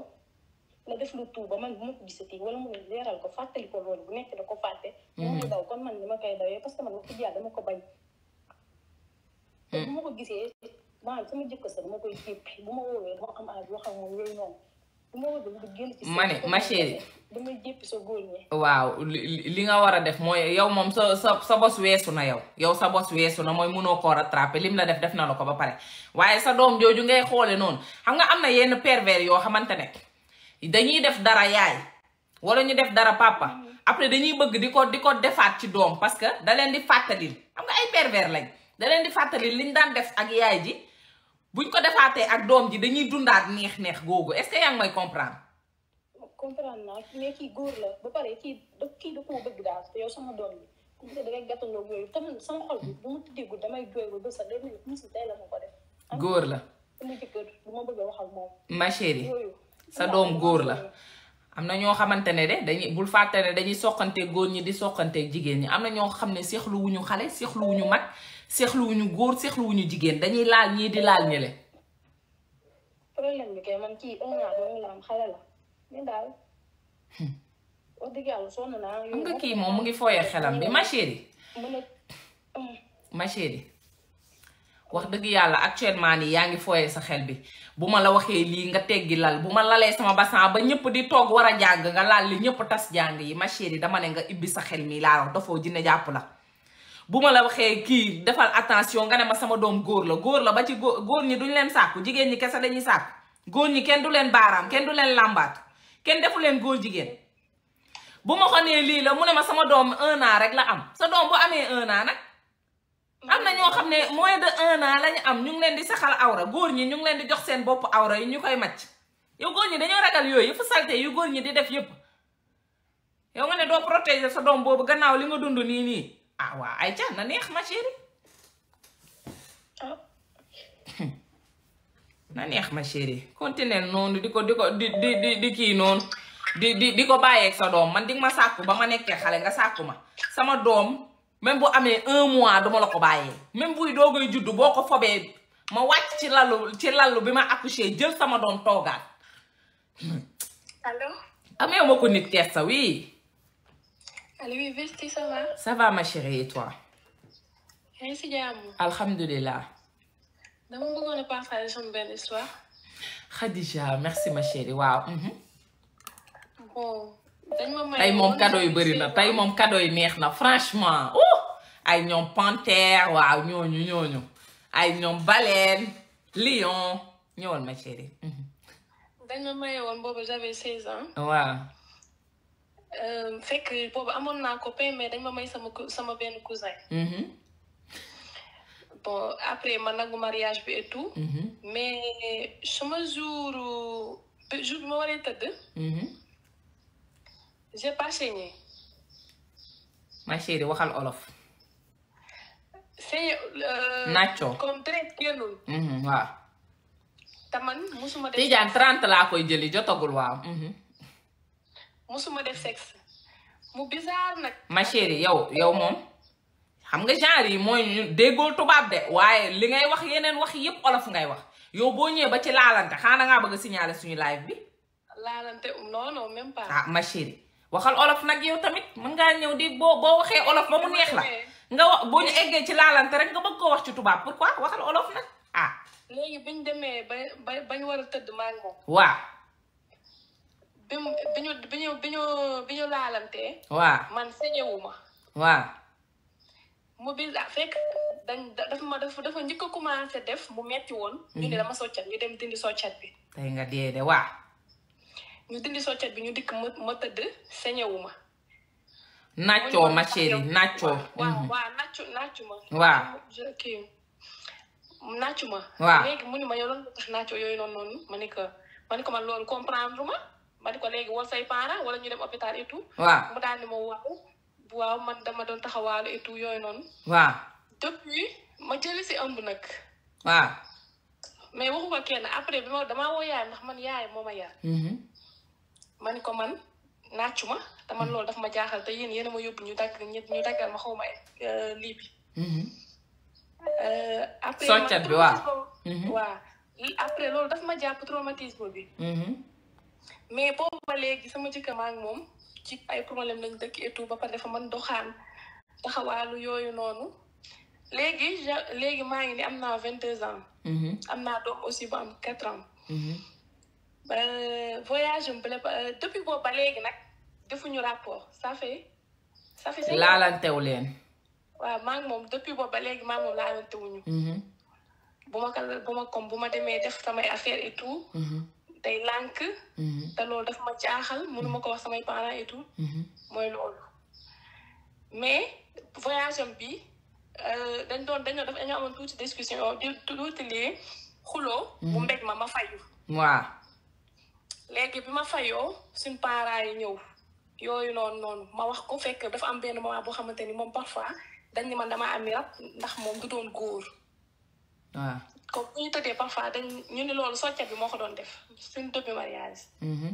na def lu tuub ba man bu ma ko gisati wala mu leeral ko fàttali ko loolu bu nekk da ko fàtte. Mm. mu daw kon ma koy dawee parce que man dama ko bañ. Mm. te bu ma ko gisee maanaam sama jëkkër sax dama koy jépp bu ma woowee moo am aaj wax moom yooyu noonu. ma ne ma chérie
waaw li nga war a def mooy yow moom sa sa sa bos weesu na yow yow sa bos weesu na mooy mënoo koo rattrapé lim la def def na la ko ba pare waaye sa doom jooju ngay xoole noonu xam nga am na yenn pervers yoo xamante ne dañuy def dara yaay wala ñu def dara papa après dañuy bëgg di ko di ko defaat ci doom parce que da leen di fàttalil xam nga ay pervers lañ da di fàttalil liñ daan def ak yaay ji buñ ko defaatee ak doom ji dañuy dundaat neex-neex googu est-ce que yaa ngi may comprendre.
comprendre naa mais kii góor la ba la ma ko
def. góor
la sa doom góor la. am na ñoo xamante ne de dañuy bul fàtte dañuy soqante góor ñi di soqante jigéen ñi am na ñoo xam ne seexlu wuñu xale seexlu mag. wuñu goor góor wuñu jigen dañuy laal ñi di laal ñele
problème bi kay man kii un an boobu la am xale la ñu daal. Hmm. wax hmm.
ma chérie. wax deug yalla actuellement ni yaangi ngi sa xel bi buma la waxee li nga teggi lal buma lalé sama bassin ba ñëpp di tok wara jang nga lal li ñëpp tass jang yi ma chérie dama né nga ibbi sa xel mi la wax dafoo jinné japp la. Buma la ki defal attention nga ne ma sama dom gor la gor la ba ci gor ni duñ len sakku jigen ni kessa dañuy sàkku gor ni ken du len baram ken du len lambat ken defu len gor jigen buma xone li la mu ne ma sama dom 1 an rek la am sa dom bu amé 1 an nak am na xamné moy de 1 an lañ am ñu ngi len di saxal awra gor ni ñu ngi len di jox sen bop awra yi ñu koy macc yow yo. ni dañu ragal yooyu fu salte yu gor ni di def yëpp yow nga ne do protéger sa dom bobu gannaaw li nga dundu ni ni ah waa ay ca na neex ma na neex ma chérie ah. continuer noonu di ko di ko di di di kii noonu di di di ko bàyyeeg sa doom man di ma sàkku ba ma nekkee xale nga sàkku ma sama doom même bu amee un mois duma la ko bàyyee même buy doogay juddu boo ko foobee ma wàcc ci lalu ci lalu bi ma accouché jël sama doom toogaat. allo. amee ma ko nit kees sa wii
Allô, ça va
Ça va, ma chérie, et toi
yaa partager une belle histoire.
Khadija merci ma chérie Wow. Mhm.
bon -hmm. ma cadeau yu bëri na
tey mon cadeau yi franchement oh ay ñoom panthère waaw ay baleine lion ma chérie. Mhm.
dañ mon j'avais ans. Waouh. Euh, fekk boobu amoon naa ko mais dañ ma may sama sama benn cousin. Mm-hmm. bon après ma nagu mariage bi et tout. Mm-hmm. mais sama jour jour bi ma waree tëdd. Mm-hmm. j'ai pas saigné.
ma chérie waxal olof.
saigné. Euh, comme traite génnul. waaw. te man musuma def. Tijaan
30 laa koy jëli jotagul waaw.
musuma def sex mu bizarre nak?
ma chérie yow yow mom, xam nga genre yi mooy dégol tubaab de waye li ngay wax yenen wax yépp olof ngay wax yow bo ñëw ba ci lalante xana nga bëgg signaler suñu live bi.
lalante um, non non même pas. ah ma
chérie waxal olof nak yow tamit mën nga ñëw di bo bo waxé olof ba mu neex la.
nga bo ñu éggé
ci lalante rek nga bëgg ko wax ci pourquoi waxal olof nak ah.
légui buñ démé bañ wara teud ma ngi bi mu bi ñu bi ñu bi ñu bi ñu laalantee. waaw man sañe wu ma. waaw. mu bi la ah, fekk dañ dafa ma dafa dafa njëkk a commencé def mu metti woon. Mhm. ñu ne dama soccat ñu dem dindi soccat bi.
tey nga dee de waaw.
ñu dindi soccat bi ñu dikk ma ma tëdd sañe wu ma.
naccoo ma chérie naccoo. waaw mhm.
waaw naccu naccu ma. waaw naccu ma. waaw mu ne ma yow lan tax yooyu noonu noonu ma ne ko ma loolu comprendre ma. ma ya, ni ko léegi wol say parents wala ñu dem hôpital et tout. waaw mu daal ni ma waaw. waaw man dama doon taxawaalu et tout waaw depuis ma si ëmb nag. waaw. mais waxu ko kenn après
bi ma damaa yaay ndax man yaay moo ma yar. ma ko man nàccu
te man loolu daf ma jaaxal te yéen yéen ma yóbbu ñu dagg ñu ma bi. après bi waaw. waaw après daf ma traumatisme bi. mais boobu ba léegi sama jëkkër maa moom ci ay problème lañ dëkk et tout ba pare dafa mën doxaan taxawaalu yooyu noonu léegi léegi maa ngi ni am na vingt deux ans mhm. am naa doom aussi bu am quatre ans mhm. ba voyage am bale depuis boobu ba léegi nag defuñu rapport ça fait ça fait laalantew leen waaw maa moom depuis boobu ba léegi maa ngi moom laalantewuñu mhm. bu ma ko bu ma comme bu ma demee def samay affaire et day lank mm-hmm. te loolu dafa ma jaaxal mënuma ko wax samay parents et tout mm-hmm. mooy loolu mais voyage am bi euh, dañ doon dañoo dafa dañoo amoon tuuti discussion di tuuti lii xuloo mu mm-hmm. mbég ma ma fayu waaw léegi bi ma fayoo suñ parents yi ñëw yooyu noonu noonu ma wax ko fekk dafa am benn moment boo xamante ni moom parfois dañ ni man dama am rab ndax moom du doon góor waaw ko bu ñu tëddee parfois dañ ñu ni loolu soccet bi moo ko doon def suñ dëbbi mariage. ndax mm-hmm.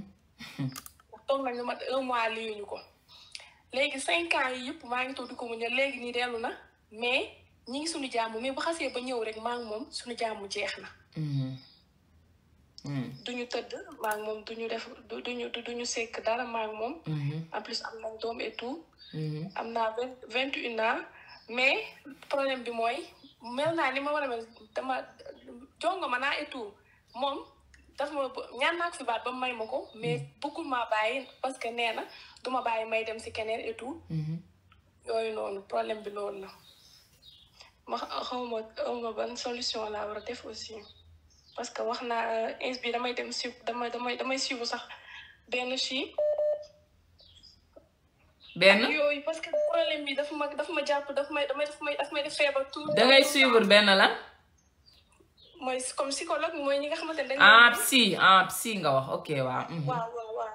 toog nañu mat un mois ñu ko. léegi cinq yi yëpp maa ngi toog di ko muñal léegi nii dellu na mais ñi ngi suñu jàmm mais bu xasee ñëw rek maa ngi moom suñu jàmm jeex na.
Mm-hmm. Mm-hmm.
duñu tëdd maa ngi moom duñu def duñu duñu sekk dara maa ngi moom. en plus am nañ doom et tout. am naa vingt vingt une ans mais problème bi mooy. mel naa ni ma war a mel dama jongo ma naa et moom daf ma ñaan naa ko baat ba may ma ko mais mm-hmm. bëggul maa bàyyi parce que nee na du ma bàyyi may dem si keneen et tout mm-hmm. yooyu noonu problème bi loolu la ma xawma xawma solution la war a def aussi parce que wax naa euh, ins bi damay dem si damay damay damay sax benn chi benn yooyu parce que problème bi dafa ma dafa ma jàpp dafa may damay dafa may dafa may def feebar tout da ngay
suivre benn la
mooy comme psychologue mooy ñi nga xamante ne ah psy
ah psy nga wax ok waaw mhm.
euh,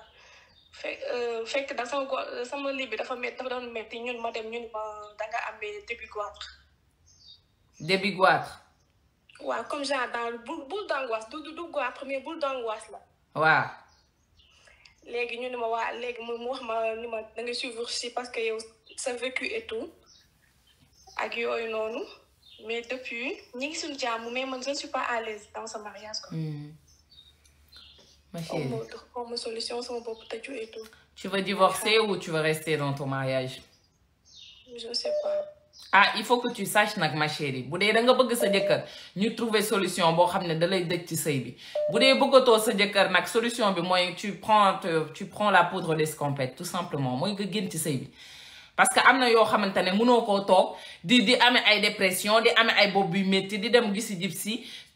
fekk fekk daal sama sama lii dafa métti dafa doon métti ñun ma dem ñun ma danga amee début goitre
début goitre
waaw comme genre dans boule d'angoisse du du goitre mais boule d'angoisse la waaw Les ñu ne ma les léegi mu wax ma me ma da parce que yow vécu et tout ak yooyu noonu mais depuis ñi ngi mais man je ne suis pas à l'aise dans ce mariage quoi.
Hmm.
ma chérie
comme solution sama bopp tëju et tout.
tu veux divorcer ou tu veux rester dans ton mariage.
je ne sais pas
ah il faut que tu saches nag ma chérie bu dee da nga bëgg sa jëkkër ñu trouver solution bo xamné da lay dëj ci sey bi bu dé bëggoto sa jëkkër nag solution bi moy tu prends tu prends la poudre d'escampette tout simplement moy nga génn ci sey bi parce que amna yo xamantane xamante ne mënoo di di amé ay dépression di amé ay bopp yu métti di dem gisi jib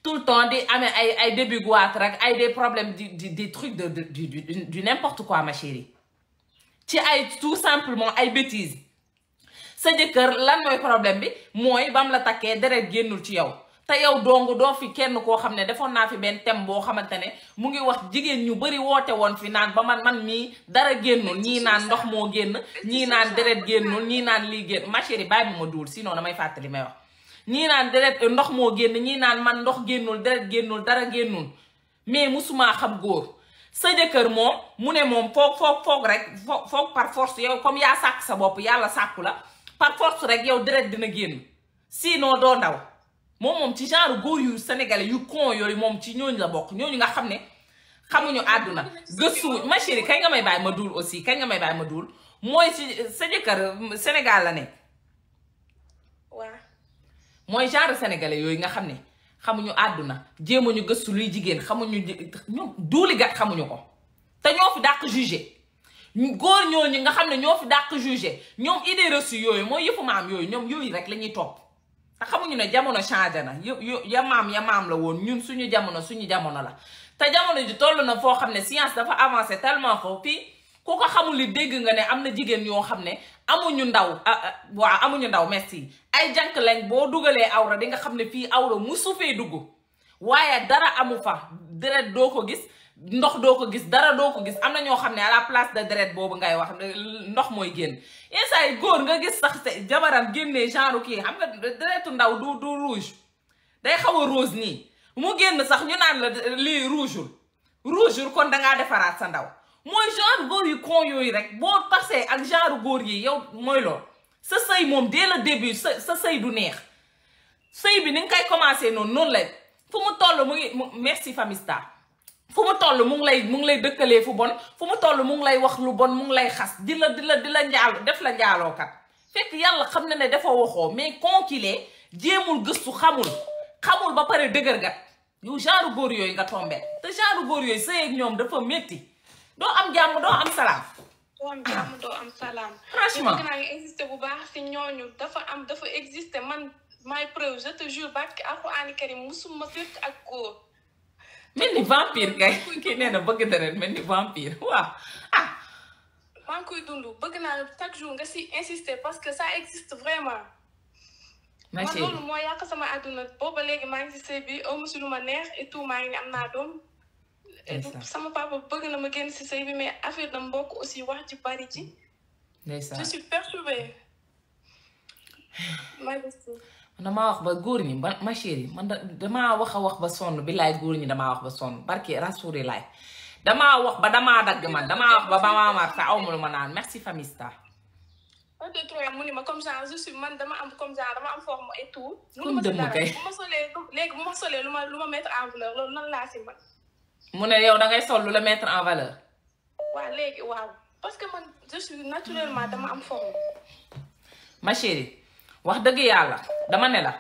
tout le temps di amé ay ay début goitre rek ay des problèmes di di des trucs de du n'importe quoi ma chérie ci ay tout simplement ay bêtises sa jëkkër lan mooy problème bi mooy bam la takkee deret génnul ci yow te yow dong doo fi kenn koo xam ne defoon naa fi benn thème boo xamante ne mu ngi wax jigéen ñu bari woote woon fi naan ba man man mii dara génnul ñii naan ndox moo génn ñii naan deret génnul ñii naan lii génn ma chérie bàyyi ma duul sinon damay fàttali may wax ñii naan ndox moo génn ñii naan man ndox génnul deret génnul dara génnul mais musuma xam góor sa jëkkër moom mu ne moom foog foog foog rek foog foog par force yow comme yaa sàkk sa bopp yàlla sàkku la par force rek yow deret dina génn sinon doo ndaw moom moom ci genre góor yu sénégalais yu con yooyu moom ci ñooñ la bokk ñooñu nga xam ne xamuñu àdduna gëstuwuñ ma chérie kañ nga may bàyyi ma duul aussi kañ nga may bàyyi mooy si sa jëkkër genre sénégalais yooyu nga xam ne xamuñu àdduna jéemuñu gëstu luy jigéen xamuñu ñoom duuli gat xamuñu ko te ñoo fi dàq jugé góor ñooñu nga xam ne ñoo fi dàq jugé ñoom idée reçue yooyu mooy yëfu maam yooyu ñoom yooyu rek la ñuy topp te xamuñu ne jamono changé na yo ya maam ya maam la woon ñun suñu jamono suñu jamono la te jamono ji toll na foo xam ne science dafa avancé tellement ko fii ku ko xamul li dégg nga ne am na jigéen yoo xam ne amuñu ndaw ah, ah, waa amuñu ndaw merci ay jànk lañ boo dugalee awra di nga xam ne fii awra mu suufee dugg waaye dara amu fa deret doo ko gis ndox doo ko gis dara doo ko gis am na ñoo xam ne à la place de deret boobu ngay wax ndox mooy génn instant góor nga gis sax te jabaram génne genre kii xam nga deretu ndaw du du rouge day xaw a rose nii mu génn sax ñu naan la lii rougeul rougeul kon dangaa defaraat sa ndaw mooy genre góor yu con yooyu rek boo tasee ak genre góor yi yow mooy lool sa sëy moom dès le début sa sa sëy du neex sëy bi ni nga koy commencé noonu noonu la fu mu toll mu ngi merci Famista fu mu toll mu ngi lay mu ngi lay dëkkalee fu bon fu mu toll mu lay wax lu bon mu lay xas di la di la di la njaal def la kat fekk yàlla xam na ne dafa waxoo mais conculé jéemul gëstu xamul xamul ba pare dëgër gat yow genre góor yooyu nga tombé te genre góor yooyu sëy ak ñoom dafa métti doo am jàmm doo am salaam.
doo am jàmm doo am salaam. franchement bëgg naa nga existé bu baax si ñooñu dafa am dafa existé man maay preuve je te jure barke alxuraan karim musuma fekk ak góor. mel ni
vampire kay kii nee na bëgg deret mel ni vampire waaw ah.
maa ngi koy dund bëgg naa chaque jour nga si insister parce que ça existe vraiment. ma chérie man moo yàq sama àdduna booba léegi maa ngi si sëy bi aw si lu neex et tout maa ngi ni am naa doom. sama papa bëgg na ma génn si sëy mais affaire na mbokk aussi wax ci bari ji. je suis perturbée.
damaa wax ba góor ñi ba ma chérie man damaa wax a wax ba sonn bi laay góor ñi damaa wax ba sonn barki rassuré laay damaa wax ba damaa dagg man damaa wax ba ba maa mar te aw ma lu ma naan merci Famista. un mu ni ma comme genre je man dama am comme genre dama am forme et tout. comme dëmm kay bu ma solee léegi bu ma solee lu ma lu ma loolu nan laa si man. mu ne yow da ngay sol lu la mettre en valeur.
léegi waaw parce que man je suis naturellement dama am forme.
ma wax dëgg yàlla dama ne la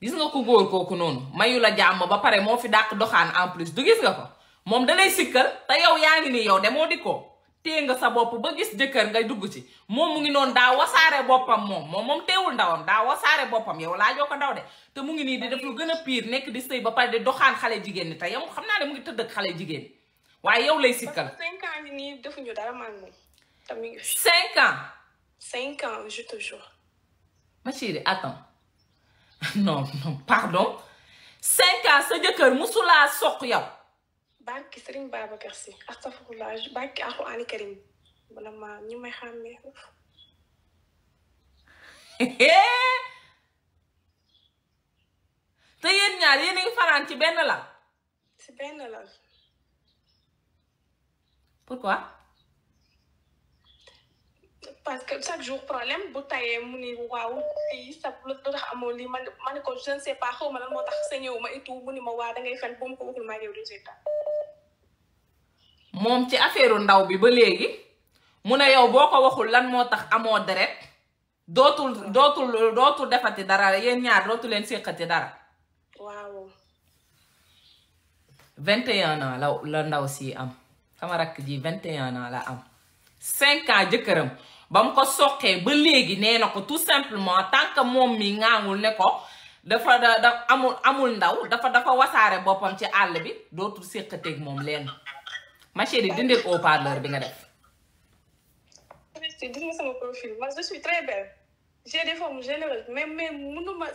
gis nga ko góor kooku noonu mayu la jàmm ba pare moo fi dàq doxaan en plus du gis nga ko moom dalay sikkal te yow yaa ngi nii yow demoo di ko téye nga sa bopp ba gis jëkkër ngay dugg ci moom mu ngi noonu daa wasaare boppam moom moom moom teewul ndawam daa wasaare boppam yow laa joo ko ndaw de te mu ngi nii di def lu gën a pire nekk di sëy ba pare di doxaan xale jigéen ñi te yow xam naa ne mu ngi tëdd ak xale jigéen waaye yow lay sikkal.
cinq ans nii defuñu dara man moom. cinq cinq ans
ma chérie attends non non pardon cinq sa jëkkër musulaa soq yow
barki Sëriñ Babacar Si astafurlah barki Alxuraani Karim bala ma ñi may xàmmee te yéen ñaar yéen a
ngi fanaan ci benn lal
ci benn lal pourquoi parce que chaque jour problème bu tayee mu ni waaw lii tax amoo lii man ma ne ko je ne sais pas oh, xaw ma lan moo tax sa ñëw ma ma waa dangay fen bu mu ko waxul maa
ngi ci affaire ndaw bi ba léegi mu ne yow boo ko waxul lan moo tax amoo deret dootul dootul dootul defati dara yéen ñaar dootul leen séqati dara. waaw. 21 ans la la ndaw si am sama rakk ji 21 ans la am 5 ans jëkkëram. ba mu ko soqee ba léegi nee na ko tout simplement tant que moom mi ngaangul ne ko dafa da da amul amul ndaw dafa dafa wasaare boppam ci àll bi dootul séqateeg moom leen ma chérie di dindil parleur bi nga def.
merci gis sama profil man je suis très belle j'ai des formes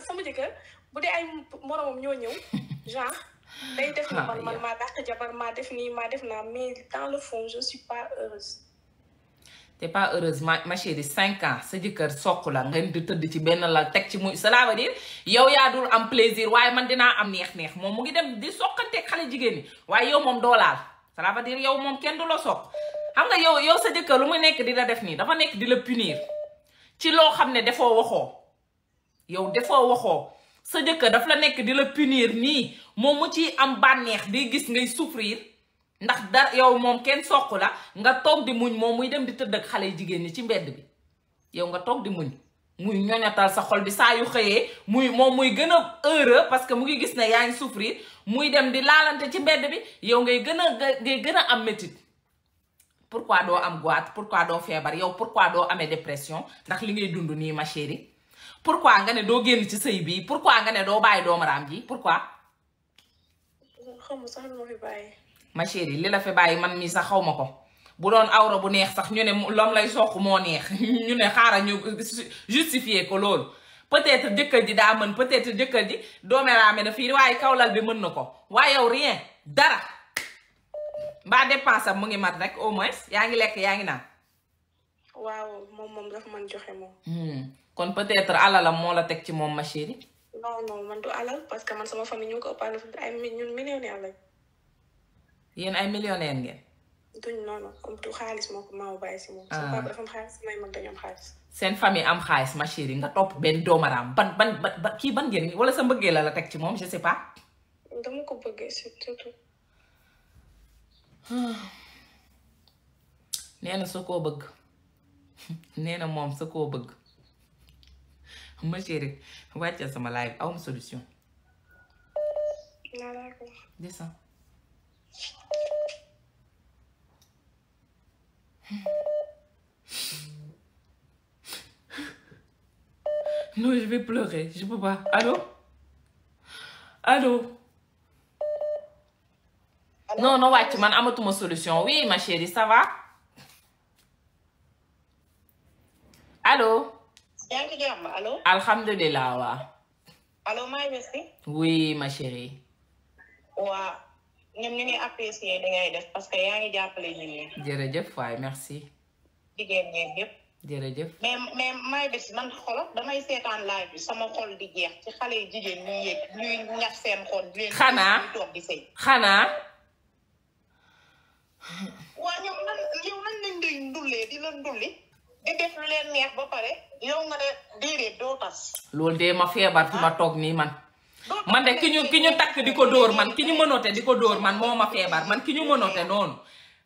sama jëkkër bu dee ay moromam ñoo ñëw genre. day def na ah, man man maa dàq jabar maa def nii maa def naa mais dans le fond je suis pas heureuse.
te pas heureusement ma chérie cinq ans sa jëkkër soq la ngeen di tëdd ci benn lal teg ci muy cela veut dire yow yaa dul am plaisir waaye man dinaa am neex-neex moom mu ngi dem di soqanteeg xale jigéen ñi waaye yow moom doolaal cela veut dire yow moom kenn du la soq xam nga yow yow sa jëkkër lu muy nekk dina def nii dafa nekk di la punir ci loo xam ne defoo waxoo yow defoo waxoo sa jëkkër daf la nekk di la punir nii moom mu ciy am bànneex di gis ngay souffrir ndax dar yow mom ken sokku la nga tok di muñ mom muy dem di teud ak xalé jigen ni ci mbedd bi yow nga tok di muñ muy ñoñatal sa xol bi sa yu xëyee muy mom muy gëna a heureux parce que mu ngi gis ne yaa souffrir muy dem di lalante ci mbedd bi yow ngay gëna ngay gëna am metit pourquoi do am goite pourquoi do feebar yow pourquoi do amé dépression ndax li ngay dund ni ma chéri pourquoi nga né do génn ci sey bi pourquoi nga do bay do maram ji pourquoi ma chérie li la fi man mi sax xaw ko bu doon awra bu neex sax ñu ne loom lay soq mo neex ñu ne xaaral ñu justifier ko lool peut-être jëkkër di da mën peut-être di domé na fi way kawlal bi mën ko yow rien dara ba dépenser mu ngi mat rek au moins yaa ngi lekk yaa ngi
waaw dafa joxe
hmm. kon peut-être alalam mo la tek ci no, ma chérie.
non non man du alal parce que man sama famille ñu ko ëppandoo ay ñun millionnaire
yéen ay millionnaire ngeen.
duñ noonu comme tu xaalis moo ko maaw bàyyi moom. Ah. am xaalis may mag dañu xaalis.
seen famille am xaalis ma nga topp benn doomaraam ban ban ba kii ban njëriñ wala sa mbëggee la la teg ci moom je sais pas.
dama ko bëggee surtout.
nee koo bëgg nee na moom su koo bëgg ma chérie wàccal sama live awum solution. Hmm. Non, je vais pleurer. Je peux pas. Allô Allô Non, non, ouais, tu m'as amené ma solution. Oui, ma chérie, ça va Allô Allô Alhamdulillah, Allô, Oui, ma chérie.
ñoom ñu ni apprécier da ngay def parce que yaa ngi jàppale nit ñi.
jërëjëf waay merci.
jigéen ñeen ñëpp. jërëjëf mais mais may bés man xolo damay seetaan live bi sama xol di jeex ci xale yi jigéen ñuy yëg ñax seen xol. di xanaa toog di sëy xanaa. waa ñoom nan yow ndullee di ndulli di def lu leen neex ba pare yow nga ne déedéet doo tas.
loolu de ma feebar fi ma ah. toog nii man. man de ki ñu ki ñu takk di ko dóor man ki ñu mënoote di ko dóor man moo ma feebar man ki ñu mënoote noonu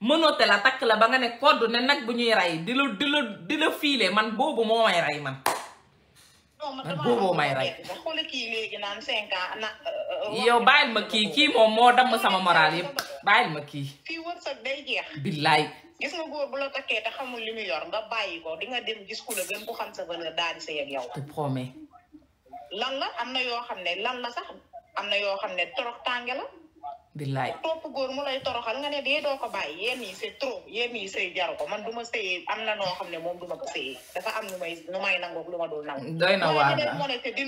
mënoote la takk la ba nga ne kodd ne nag bu ñuy rey di la di la di fiile man boobu moo may rey man
man booboo may rey euh, euh,
yow bàyyil ma kii kii moom moo damm sama moral yëpp bàyyil ma kii
billaay gis nga góor bu la takkee te xamul li mu yor nga bàyyi ko di dem gis ku la gën xam sa valeur daal di sa yeg yow lan la am na yoo xam ne lan la sax am na yoo xam ne torox tànge la. billaay topp góor mu lay toroxal nga ne dee doo ko bàyyi yéen yi c'est trop yéen yi sëy jaru ko man du ma sëyee am na noo xam ne moom du ma ko sëyee dafa am nu may nu may nangoog ma dul nangu. doy na waar la moo nekk di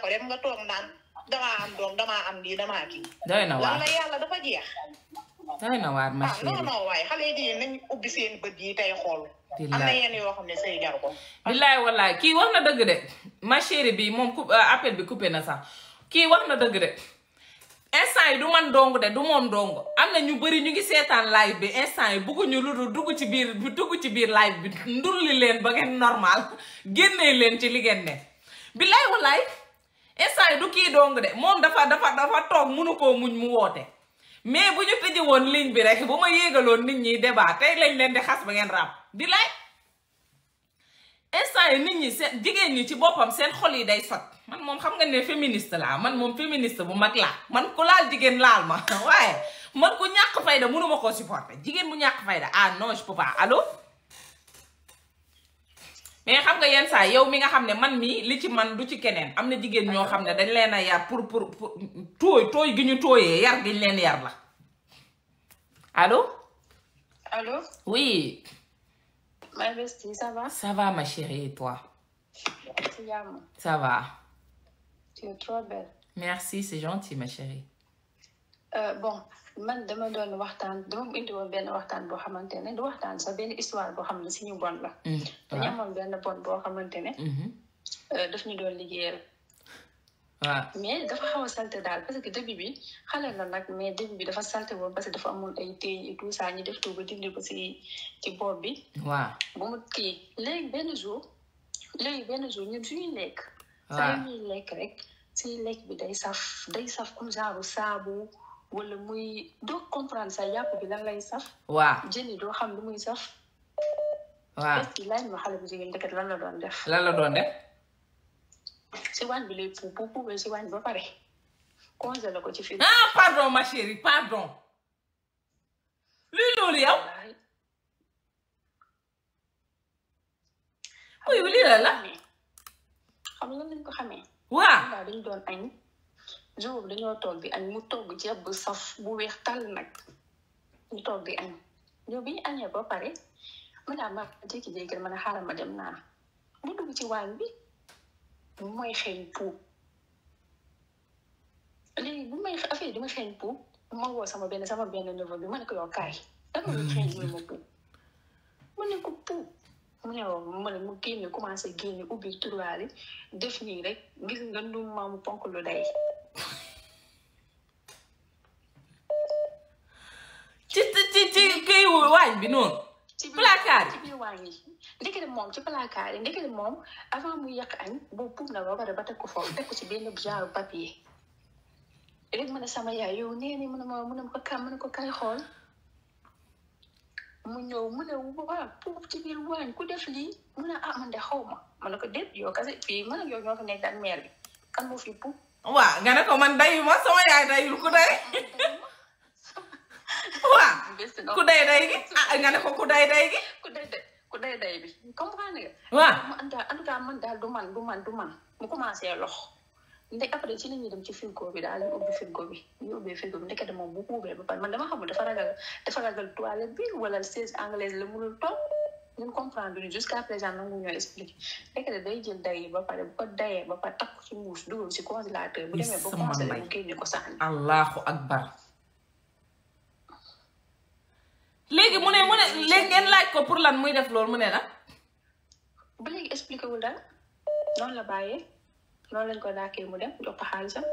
ko dem nga toog naan damaa am doom damaa am nii damaa kii. doy na waar lan la yàlla dafa jeex.
doy na waar ma chérie
ah waaye xale yi di nañ ubbi seen bët yi tey xool. am na yoo xam ne sëy jar ko.
billaay wallaay kii wax na dëgg de ma chérie bi moom ku euh, appel bi coupé na sax kii wax na dëgg de instant yi du man dong de du moom dong am na ñu bëri ñu ngi seetaan live bi instant yi bëgguñu lu dul dugg ci biir dugg ci biir live bi ndulli leen ba ngeen normal génnee leen ci li ngeen ne billaay wallaay instant yi du kii dong de moom dafa dafa dafa toog mënu koo muñ mu woote. mais bu ñu tëjee woon ligne bi rek bu ma yéegaloon nit ñi débat tey lañ leen di xas ba ngeen ràbb di lay instant yi nit ñi seen jigéen ñi ci boppam seen xol yi day sot man moom xam nga ne féministe laa man moom féministe bu mag laa man ku laal jigéen laal ma waaye man ku ñàkk fayda mënuma koo supporter jigéen bu ñàkk fayda ah non je peux pas mais xam nga yenn sa yow mi nga xamné man mi li ci man du ci keneen amna jigen ño xamné dañ leena ya pour pour pour toy tooy gi yar gi ñu leen yar la allô allô oui.
ma bestie ça va.
ça va ma chérie et toi. ça va.
tu es trop belle.
merci c'est gentil ma chérie.
Euh, bon. man dama doon waxtaan dama indi benn waxtaan boo xamante ne du waxtaan sax benn histoire boo xam ne si ñu bon la.
Mm, dañu amoon
benn bon boo xamante ne. Mm-hmm. Euh, daf ñu doon liggéeyal. waaw ah. mais dafa xaw a salte daal parce que début bi xale la nag mais début bi dafa salte woon parce que dafa amoon ay téye et tout ça ñu def tuuba dindi ko si ci bopp bi. waa bu mu kii léegi benn jour léegi benn jour ñun suñuy lekk. waaw ah. saa lekk rek si lekk bi day saf day saf comme genre saabu. wala muy doo comprendre sa yàpp bi lan lay saf. waa jën yi doo xam lu muy saf. waaw est-ce que laaj ma xale bu jigéen dëkk lan la doon def.
lan la doon def. si waañ bi lay puub bu puubee si waañ ba pare congelé ko ci fii. ah pardon ma chérie pardon. luy loolu yow. oui lii la la.
xam nga lañ ko xamee. waaw dañ doon añ. jour boobu dañoo toog di añ mu togg ceeb bu bu weex tàll nag toog di añ ñoo bi añee ba pare mu ne ah, ma jékki-jékki ma ne xaaral ma dem naa mu dugg ci waañ bi mooy xeeñ puub léegi bu may xeeñ puub ma woo sama benn sama benn niveau lu xeeñ
mu ma
mu ne ko puub mu ne woon mu génne commencé génne ubbi def nii rek gis nga ndum maamu ponk lu day
ci ci kii waañ bi noonu. ci placard yi ci
biir waañ yi. ndekete moom ci placard yi ndekete moom avant muy yàq añ boobu puub na ba pare ba teg ko foofu teg ko ci benn genre papier. léegi ma ne sama yaay yow nee nañ ma ma ne ko ka ma ne ko kay xool mu ñëw mu ne waaw ci biir waañ ku def lii mu ne ah man de xaw ma ne ko déet yow kase fii man ak yow ñoo meer bi kan moo puub.
waaw nga ne ko man dayu ma sama yaay dayul ku day.
besti ku day day gi ah nga ne ko ku day day gi ku day bi comprendre man daal du man du man du man mu commencé lox nde après ci la ñuy dem ci frigo bi daal di ubbi frigo bi ñu ubbee moom bu ubbee ba pare man dama xamul defa ragal dafa ragal toilette bi wala siège anglaise la mënul toog ñun comprendre ñu jusqu'à présent nangu ñoo expliqué ndekete day jël day ba pare bu ko dayee ba pare takk ci muus dugal ci congélateur bu demee ba congélateur mu génne ko sànni
allahu akbar
léegi mu ne mu ne léegi laaj
ko pour lan muy def loolu mu ne la.
bu léegi expliqué wu daal noonu la bàyyee noonu leen ko dàkkee mu dem jox ko xaalisam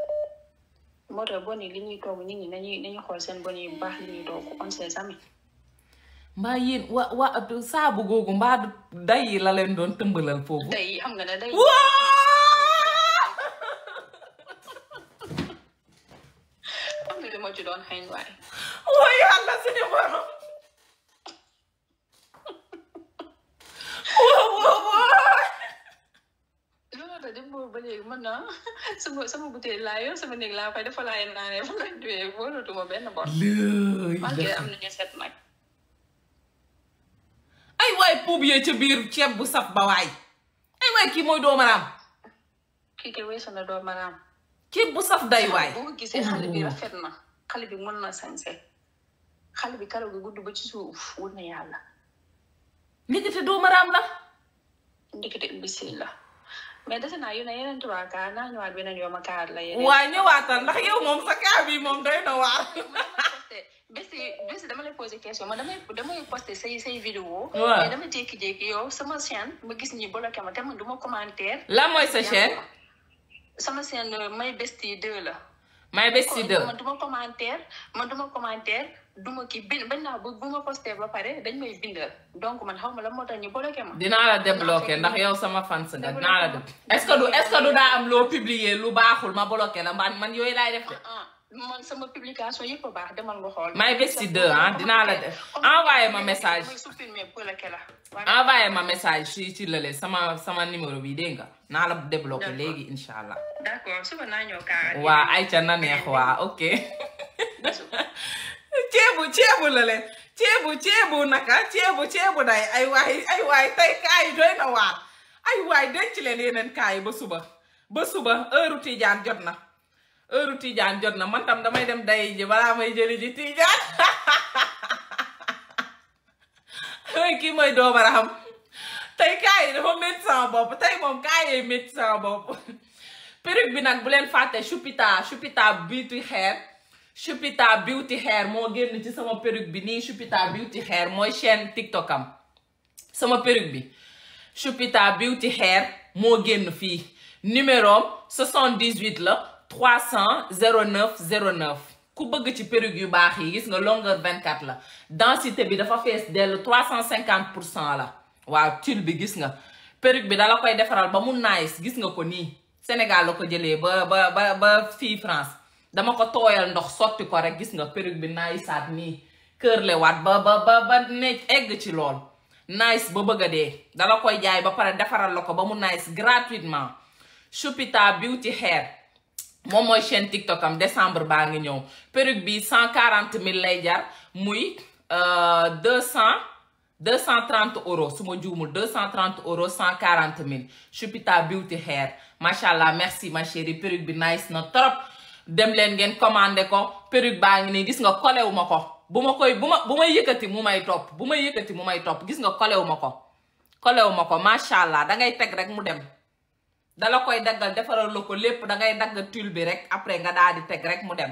moo tax li ñuy toog nit ñi nañuy nañu xool seen bon yi baax li toog on sait jamais.
mbaa yéen wa wa saabu googu mbaa day yi la leen doon tëmbalal foofu. day
yi xam nga day.
am na lu ma ci doon xëy na waaye. waaye
boobu ba léegi mën naa sama sama bouteille laa sama néeg laa koy ne fu may benn bor. malgré am nañu
yee ca biir ceeb bu saf ba waay ay waay kii mooy doomaraam.
kii kay weesu na doomaraam.
ceeb bu saf day waay. boo ko gisee xale bi rafet
na mën na sañse xale bi karaw gi gudd ba ci suuf wër na yàlla. ndekete doomaraam la. ndekete imbécile la. mais dese naa yu ne yeneen trois cas naa ñëwaat beneen yoo ma kaar la yeneen. waaw
ñëwaatal ndax yow moom sa cas bi moom doy na waar.
bés yi dama lay posé question ma damay damay posté say say vidéo. mais dama jékki-jékki yow sama chaîne ma gis ñi bloqué ma te man duma ma commentaire. lan mooy sa chaîne. sama chaîne My Bestie 2 la.
My Bestie 2 man
du ma commentaire man du ma commentaire. du ma kii bind bañ naa bu ma posté ba pare dañ may bindal donc man xaw ma la moo tax ñu bloqué ma. dinaa la débloqué ndax
yow sama fans nga dinaa la def. est ce que du est ce que lu baaxul ma bloqué la man man yooyu laay def de. Ah,
ah. man sama publication baax demal nga xool. may besti deux ah dinaa la def
envoyé ma message. envoyé ma message si ci lële sama sama numéro bi dégg nga naa la débloqué léegi incha allah. d'accord suba na neex waa ok. chebu chebu lele chebu chebu naka chebu chebu dai ai wai ai wai tay kai roi na wa ay waay denc leen yeneen kaa yi ba suba ba suba heure tijaan jot na heure tijaan jot na man tam damay dem day ji balaa may jëli ji tijaan kii mooy doomara xam tey kaa yi dafa métti sama bopp tey moom kaa yi métti sama bopp perruque bi nag bu leen fàtte chupita chupita biituy xeer Chupita Beauty Hair moo génn ci sama perruque bi nii Chupita Beauty xeer mooy chaîne TikTok am sama perruque bi Chupita Beauty xeer moo génn fii numéro am 78 la 300 09 09 ku bëgg ci perruque yu baax yi gis nga longueur 24 la densité bi dafa fees dellu 350 pour cent la waaw tulle bi gis nga perruque bi dala koy defaral ba mu nice gis nga ko nii Sénégal la ko jëlee ba ba ba ba fii France. dama ko tooyal ndox sotti ko rek gis nga perruque bi naay saat nii kërlewaat ba ba ba ba ne egg ci lool nice ba bëgg a dee dala koy jaay ba pare defaral la ko ba mu nice gratuitement Choupita Beauty Hair moom mooy chaîne TikTok am décembre baa ngi ñëw perruque bi cent quarante mille lay jar muy euh, deux cent deux cent trente euros su ma juumul deux cent trente euros cent quarante mille Choupita Beauty Hair macha allah merci ma chérie perruque bi nice na trop. dem leen ngeen commander ko perruque baa ngi nii gis nga kolewu ma ko bu ma koy bu ma bu may yëkkati mu may topp bu may yëkkati mu may topp gis nga kolewu ma ko kolewu ma ko macha allah dangay teg rek mu dem dala koy daggal defaral la ko lépp dangay dagg tulle bi rek après nga daal di teg rek mu dem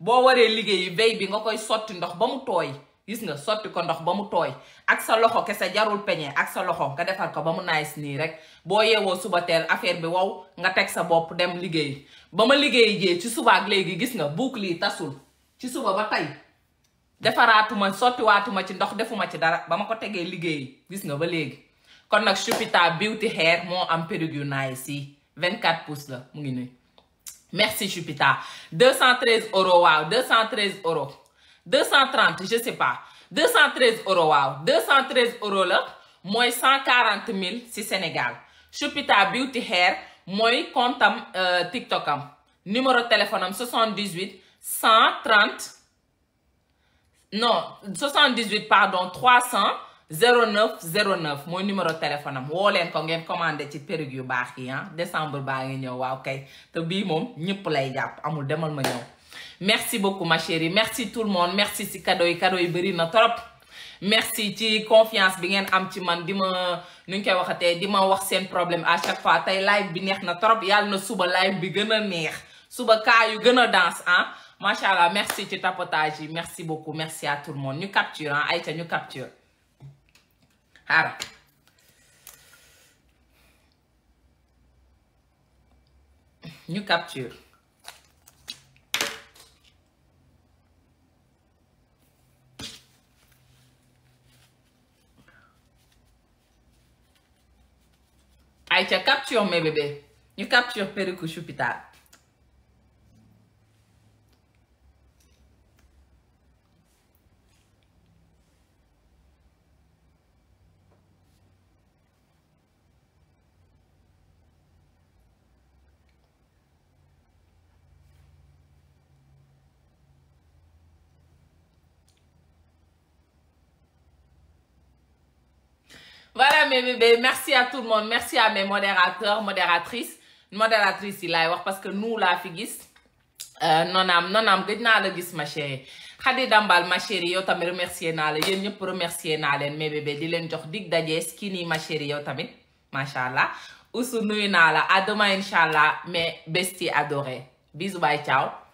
boo waree liggéeyi veille bi nga koy sotti ndox ba mu tooy gis nga sotti ko ndox ba mu tooy ak sa loxo kese jarul peñe ak sa loxo nga defar ko ba mu nice nii rek boo yeewoo suba teel affaire bi wow nga teg sa bopp dem liggéey ba ma liggéey jee ci suba ak léegi gis nga boucle lii tasul ci suba ba tey defaraatuma sottiwaatuma ci ndox defuma ci dara ba ma ko tegee liggéey gis nga ba léegi kon nag Choupitta Beauty Hair moo am perruque yu nice yi 24 pouces la mu ngi nii merci Choupitta 213 euros waaw 213 euros. 230 je sais pas 213 euros waaw 213 euros la mooy 140 000 ci Sénégal Choupita Beauty Hair mooy compte am euh, TikTok am numéro téléphone am 78 130 non 78 pardon 300 09 09 mooy numéro téléphone am woo leen ko ngeen commandé ci perruque yu baax yi ah baa ngi ñëw waaw kay te bii moom ñëpp lay jàpp amul demal ma ñëw. merci beaucoup ma chérie merci tout le monde merci ci cadeau yi cadeau yi bëri na trop merci ci confiance bi ngeen am ci man di ma nu ñu koy waxatee di ma wax seen problème à chaque fois tey live bi neex na trop yàlla na suba live bi gën a neex suba kaa yu gën a danse ah macha allah merci ci tapotage yi merci beaucoup merci à tout le monde ñu capture ah ayca ñu capture xaaral ñu capture ay ca capture mes bébés ñu capture perruque Choupitard mes bébés merci à tout le monde merci à mes modérateurs modératrices modératrices yi laay wax parce que nous laa fi gis euh, nonaam nonaam gëj naa la gis ma chérie Khady Dambal ma chérie yow tamit remercier naa la yéen ñëpp remercier naa leen mais bébés di leen jox dig dajee skinny nii chérie yow tamit macha allah usu nuyu naa la à demain incha allah mes besties
adorées bisous bye ciao